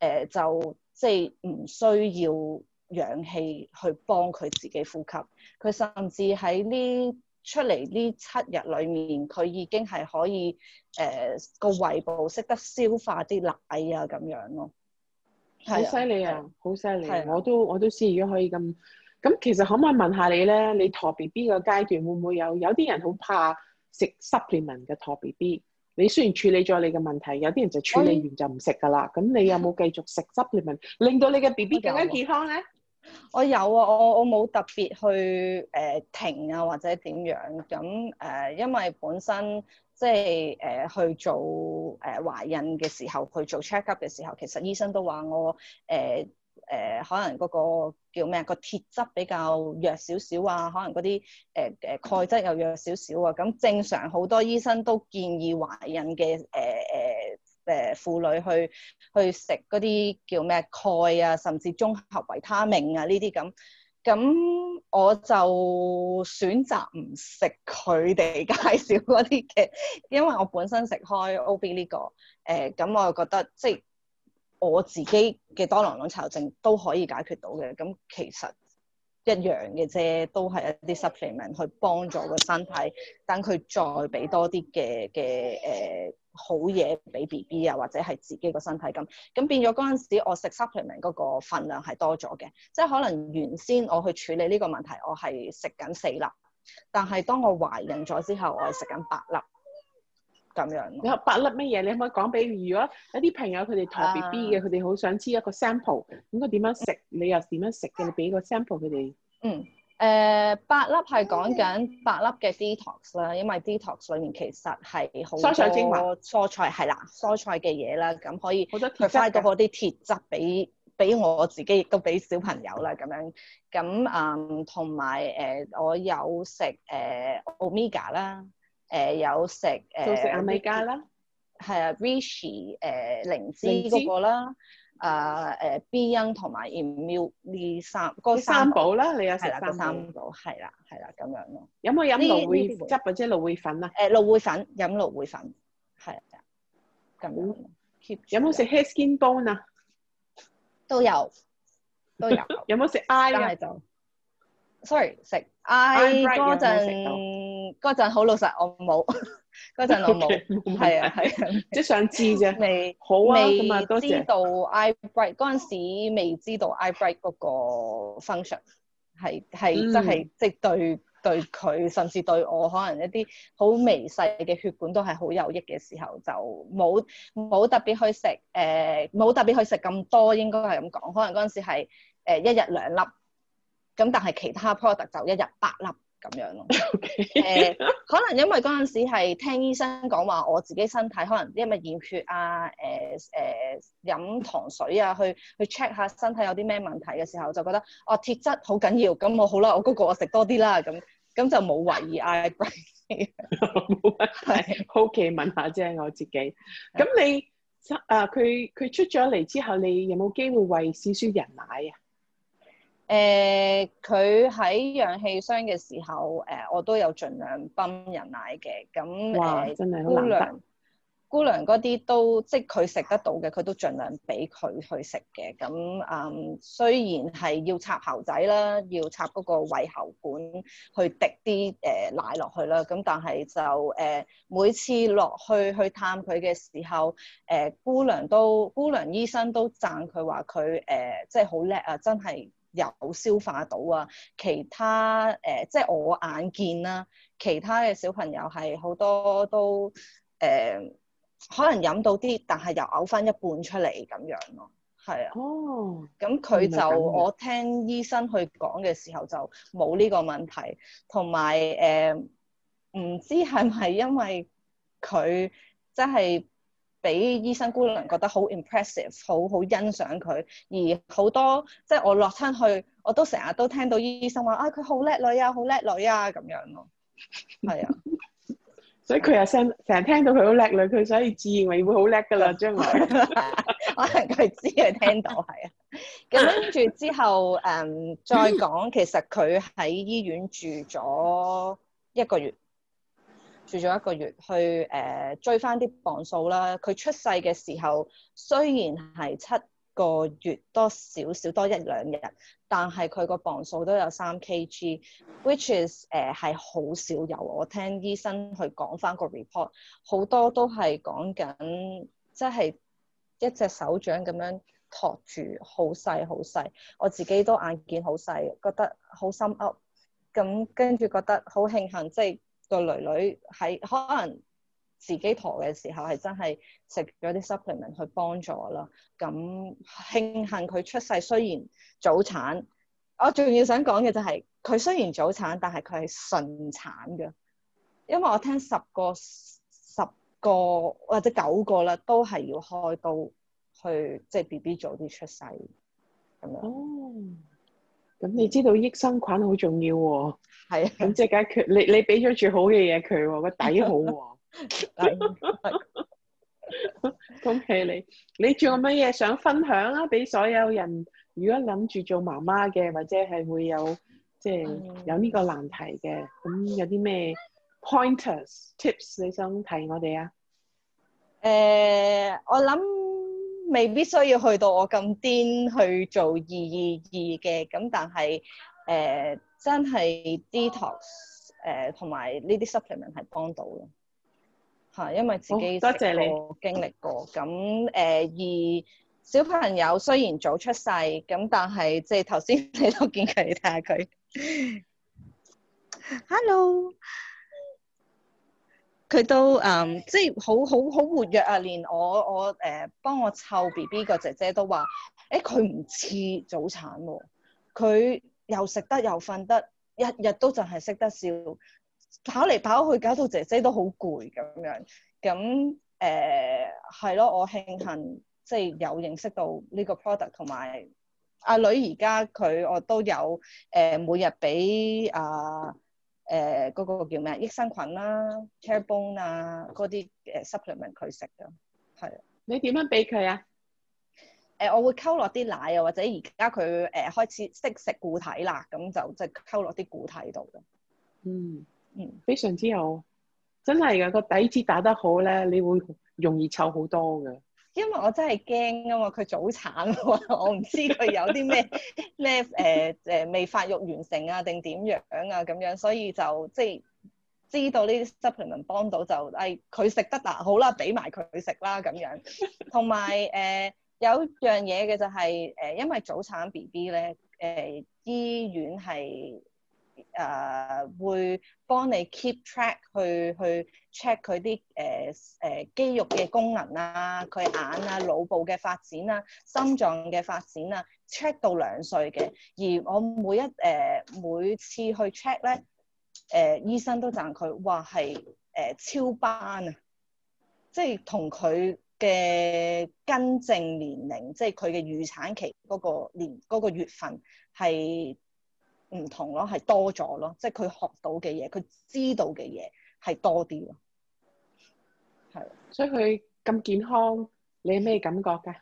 呃、就即係唔需要。氧氣去幫佢自己呼吸，佢甚至喺呢出嚟呢七日裏面，佢已經係可以誒、呃、個胃部識得消化啲奶啊咁樣咯，好犀利啊！好犀利、啊！我都我都試咗可以咁。咁其實可唔可以問下你咧？你陀 B B 個階段會唔會有？有啲人好怕食 supplement 嘅陀 B B。你雖然處理咗你嘅問題，有啲人就處理完就唔食噶啦。咁你有冇繼續食 supplement， <laughs> 令到你嘅 B B 更加健康咧？ <laughs> 我有啊，我我冇特別去誒、呃、停啊或者點樣，咁誒、呃、因為本身即係誒、呃、去做誒、呃、懷孕嘅時候去做 check up 嘅時候，其實醫生都話我誒誒、呃呃、可能嗰個叫咩啊、個鐵質比較弱少少啊，可能嗰啲誒誒鈣質又弱少少啊，咁正常好多醫生都建議懷孕嘅誒誒、呃呃誒婦女去去食嗰啲叫咩鈣啊，甚至綜合維他命啊呢啲咁，咁我就選擇唔食佢哋介紹嗰啲嘅，因為我本身食開 O B 呢個誒，咁、呃、我就覺得即係我自己嘅多囊卵巢症都可以解決到嘅，咁其實一樣嘅啫，都係一啲 supplement 去幫助個身體，等佢再俾多啲嘅嘅誒。好嘢俾 B B 啊，或者係自己個身體咁，咁變咗嗰陣時，我食 supplement 嗰個份量係多咗嘅，即係可能原先我去處理呢個問題，我係食緊四粒，但係當我懷孕咗之後，我係食緊八粒咁樣。你話八粒咩嘢？你可唔可以講俾？如果有啲朋友佢哋肚 B B 嘅，佢哋好想知一個 sample 應該點樣食，你又點樣食嘅？你俾個 sample 佢哋。嗯。誒、呃、八粒係講緊八粒嘅 detox 啦、嗯，因為 detox 裏面其實係好多蔬菜係啦，蔬菜嘅嘢啦，咁可以 provide 到嗰啲鐵質俾俾我自己，亦都俾小朋友啦咁樣。咁啊，同埋誒，我有食誒、呃、omega 啦，誒、呃、有食誒，食亞米加啦，係啊，Rishi 誒、呃、靈芝嗰、那個啦。啊，誒 B 音同埋 E 咪呢三個三寶啦，你有食三寶？係啦，係啦，咁樣咯。有冇飲蘆薈汁或者蘆薈粉啊？誒蘆薈粉，飲蘆薈粉，係啊。咁有冇食 Haskin Bone 啊？都有，都有。有冇食 I 啦？就 Sorry，食 I 嗰陣嗰陣好老實，我冇。嗰陣我冇，係啊，係啊，即係想知啫。未好啊，未知道 eye bright 嗰時，未知道 eye bright 嗰個 function 係係真係即係對對佢，甚至對我可能一啲好微細嘅血管都係好有益嘅時候，就冇冇特別去食誒，冇、呃、特別去食咁多，應該係咁講。可能嗰陣時係、呃、一日兩粒，咁但係其他 product 就一日八粒。咁樣咯，誒、okay. <laughs> 呃，可能因為嗰陣時係聽醫生講話，我自己身體可能因為驗血啊，誒誒飲糖水啊，去去 check 下身體有啲咩問題嘅時候，就覺得哦鐵質好緊要，咁我好我哥哥我啦，我嗰個我食多啲啦，咁咁就冇懷疑。I，冇乜，好奇問下啫、yeah. 我自己。咁你啊，佢 <laughs> 佢、啊、出咗嚟之後，你有冇機會為少少人奶啊？誒佢喺氧氣箱嘅時候，誒、呃、我都有盡量泵人奶嘅。咁誒、呃，姑娘姑娘嗰啲都即係佢食得到嘅，佢都盡量俾佢去食嘅。咁嗯，雖然係要插喉仔啦，要插嗰個胃喉管去滴啲誒、呃、奶落去啦。咁但係就誒、呃、每次落去去探佢嘅時候，誒、呃、姑娘都姑娘醫生都讚佢話佢誒即係好叻啊，真係。真有消化到啊，其他誒即係我眼見啦，其他嘅小朋友係好多都誒、呃、可能飲到啲，但係又嘔翻一半出嚟咁樣咯，啊，係啊，哦，咁佢就係係我聽醫生去講嘅時候就冇呢個問題，同埋誒唔知係咪因為佢即係。俾醫生姑娘覺得好 impressive，好好欣賞佢。而好多即係我落親去，我都成日都聽到醫生話：啊，佢好叻女啊，好叻女啊咁樣咯。係啊， <laughs> 所以佢又成日聽到佢好叻女，佢所以自然咪會好叻噶啦。將來可能佢知啊聽到係啊。咁跟住之後誒、嗯，再講其實佢喺醫院住咗一個月。住咗一個月去，去、呃、追翻啲磅數啦。佢出世嘅時候雖然係七個月多少少多一兩日，但係佢個磅數都有三 Kg，which is 誒係好少有。我聽醫生去講翻個 report，好多都係講緊即係一隻手掌咁樣托住，好細好細。我自己都眼見好細，覺得好心噏。咁跟住覺得好慶幸，即係。個女女喺可能自己婆嘅時候係真係食咗啲 supplement 去幫助啦。咁慶幸佢出世，雖然早產，我仲要想講嘅就係佢雖然早產，但係佢係順產嘅，因為我聽十個十個或者九個啦，都係要開刀去即係 BB 早啲出世咁咁你知道益生菌好重要喎、哦，係啊，咁即係佢，你你俾咗住好嘅嘢佢喎，個底好喎、哦， <laughs> <laughs> 恭喜你！你仲有乜嘢想分享啊？俾所有人，如果諗住做媽媽嘅，或者係會有即係、就是、有呢個難題嘅，咁有啲咩 pointers、tips 你想提我哋啊？誒、呃，我諗。未必需要去到我咁癲去做二二二嘅，咁但係誒、呃、真係 detox 誒同埋呢啲 supplement 係幫到嘅，嚇，因為自己多謝你經歷過，咁、哦、誒、呃、而小朋友雖然早出世，咁但係即係頭先你都見佢睇下佢，Hello。佢都誒、嗯，即係好好好活躍啊！連我我誒、呃、幫我湊 BB 個姐姐都話：誒佢唔似早產喎、啊，佢又食得又瞓得，日日都淨係識得笑，跑嚟跑去，搞到姐姐都好攰咁樣。咁誒係咯，我慶幸即係有認識到呢個 product，同埋阿女而家佢我都有誒、呃、每日俾啊。呃誒、呃，嗰、嗰個叫咩？益生菌啦，carbon e 啊，嗰啲誒 supplement 佢食噶。係。你點樣俾佢啊？誒、呃，我會溝落啲奶啊，或者而家佢誒開始識食固體啦，咁就即係溝落啲固體度噶。嗯嗯，非常之好，真係噶，個底子打得好咧，你會容易湊好多噶。因為我真係驚啊嘛，佢早產喎，我唔知佢有啲咩咩誒誒未發育完成啊定點樣啊咁樣，所以就即係、就係、知道呢啲 supplement 係幫到就係佢食得啦，好啦，俾埋佢去食啦咁樣。同埋誒有、呃、有一樣嘢嘅就係、係、誒、呃，因為早產 B B 咧誒醫院係。誒、啊，會幫你 keep track 去去 check 佢啲誒誒肌肉嘅功能啊，佢眼啊、腦部嘅發展啊、心臟嘅發展啊，check 到兩歲嘅。而我每一誒、呃、每次去 check 咧，誒、呃、醫生都讚佢話，係誒超班啊，即係同佢嘅跟他的矯正年齡，即係佢嘅預產期嗰個年嗰、那個月份係。唔同咯，係多咗咯，即係佢學到嘅嘢，佢知道嘅嘢係多啲咯。係，所以佢咁健康，你有咩感覺㗎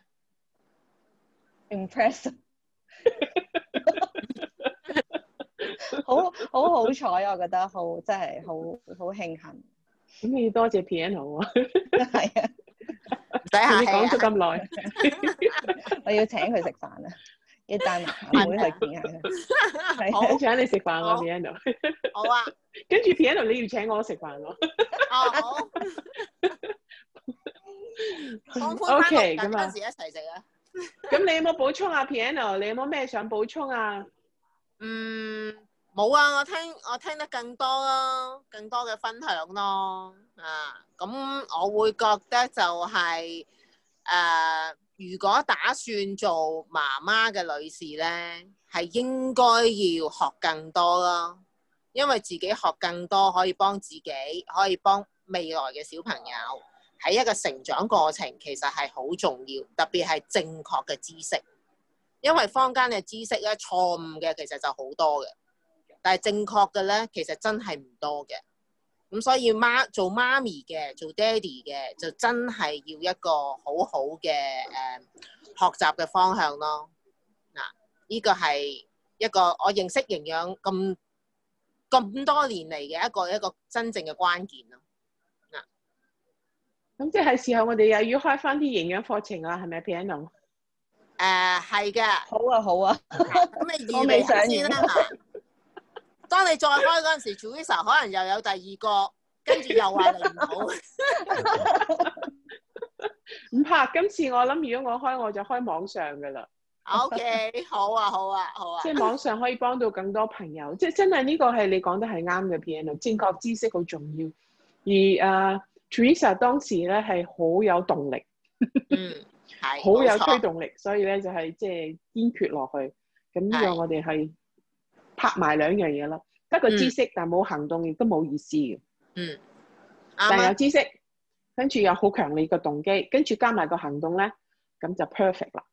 ？Impress， <laughs> 好好好彩，我覺得好，即係好好慶幸。咁要多謝 Piano 啊， <laughs> <laughs> <laughs> <laughs> 係啊，唔使客氣啊，講咗咁耐，我要請佢食飯啊！Ethan 唔會係點啊？請、okay, <laughs> 你食飯啊，Piano。好啊，跟住 Piano 你要請我食飯喎。哦，好。O K，咁啊，陣時一齊食啊。咁你有冇補充啊？Piano，你有冇咩想補充啊？嗯，冇啊。我聽我聽得更多咯，更多嘅分享咯。啊，咁我會覺得就係、是、誒。啊如果打算做媽媽嘅女士呢，係應該要學更多咯，因為自己學更多可以幫自己，可以幫未來嘅小朋友喺一個成長過程其實係好重要，特別係正確嘅知識，因為坊間嘅知識咧錯誤嘅其實就好多嘅，但係正確嘅呢，其實真係唔多嘅。咁、嗯、所以媽做媽咪嘅，做爹哋嘅，就真係要一個很好好嘅誒學習嘅方向咯。嗱，呢個係一個我認識營養咁咁多年嚟嘅一個一個真正嘅關鍵咯。嗱，咁即係時候我哋又要開翻啲營養課程啦，係咪 Piano？誒、呃，係嘅。好啊，好啊。 <laughs> 你一我未上先啦。 <laughs> 當你再開嗰陣時候 <laughs> ，Teresa 可能又有第二個，跟住又話唔好。唔 <laughs> 怕。今次我諗，如果我開我就開網上噶啦。 <laughs> OK，好啊，好啊，好啊。即 <laughs> 係網上可以幫到更多朋友， <laughs> 即係真係呢個係你講得係啱嘅。P. N. 正確知識好重要，而阿、uh, Teresa 當時咧係好有動力， <laughs> 嗯，係好有推動力，所以咧就係即係堅決落去。咁呢樣我哋係。拍埋兩樣嘢咯，得個知識、嗯、但冇行動亦都冇意思嘅。嗯，但有知識，嗯、跟住有好強烈嘅動機，跟住加埋個行動咧，咁就 perfect 啦。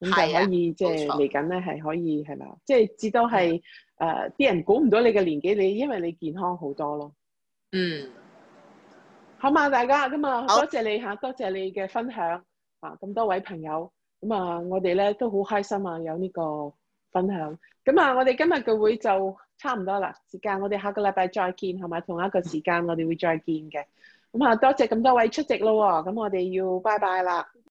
咁就可以即係嚟緊咧，係可以係嘛？即係、嗯、至多係誒，啲、嗯呃、人估唔到你嘅年紀，你因為你健康好多咯。嗯，好嘛，大家咁啊，多謝你嚇，多謝你嘅分享。啊，咁多位朋友，咁啊，我哋咧都好開心啊，有呢個。分享咁啊！我哋今日嘅會就差唔多啦，時間，我哋下個禮拜再見，係咪同一個時間我哋會再見嘅。咁啊，多謝咁多位出席咯，咁我哋要拜拜啦。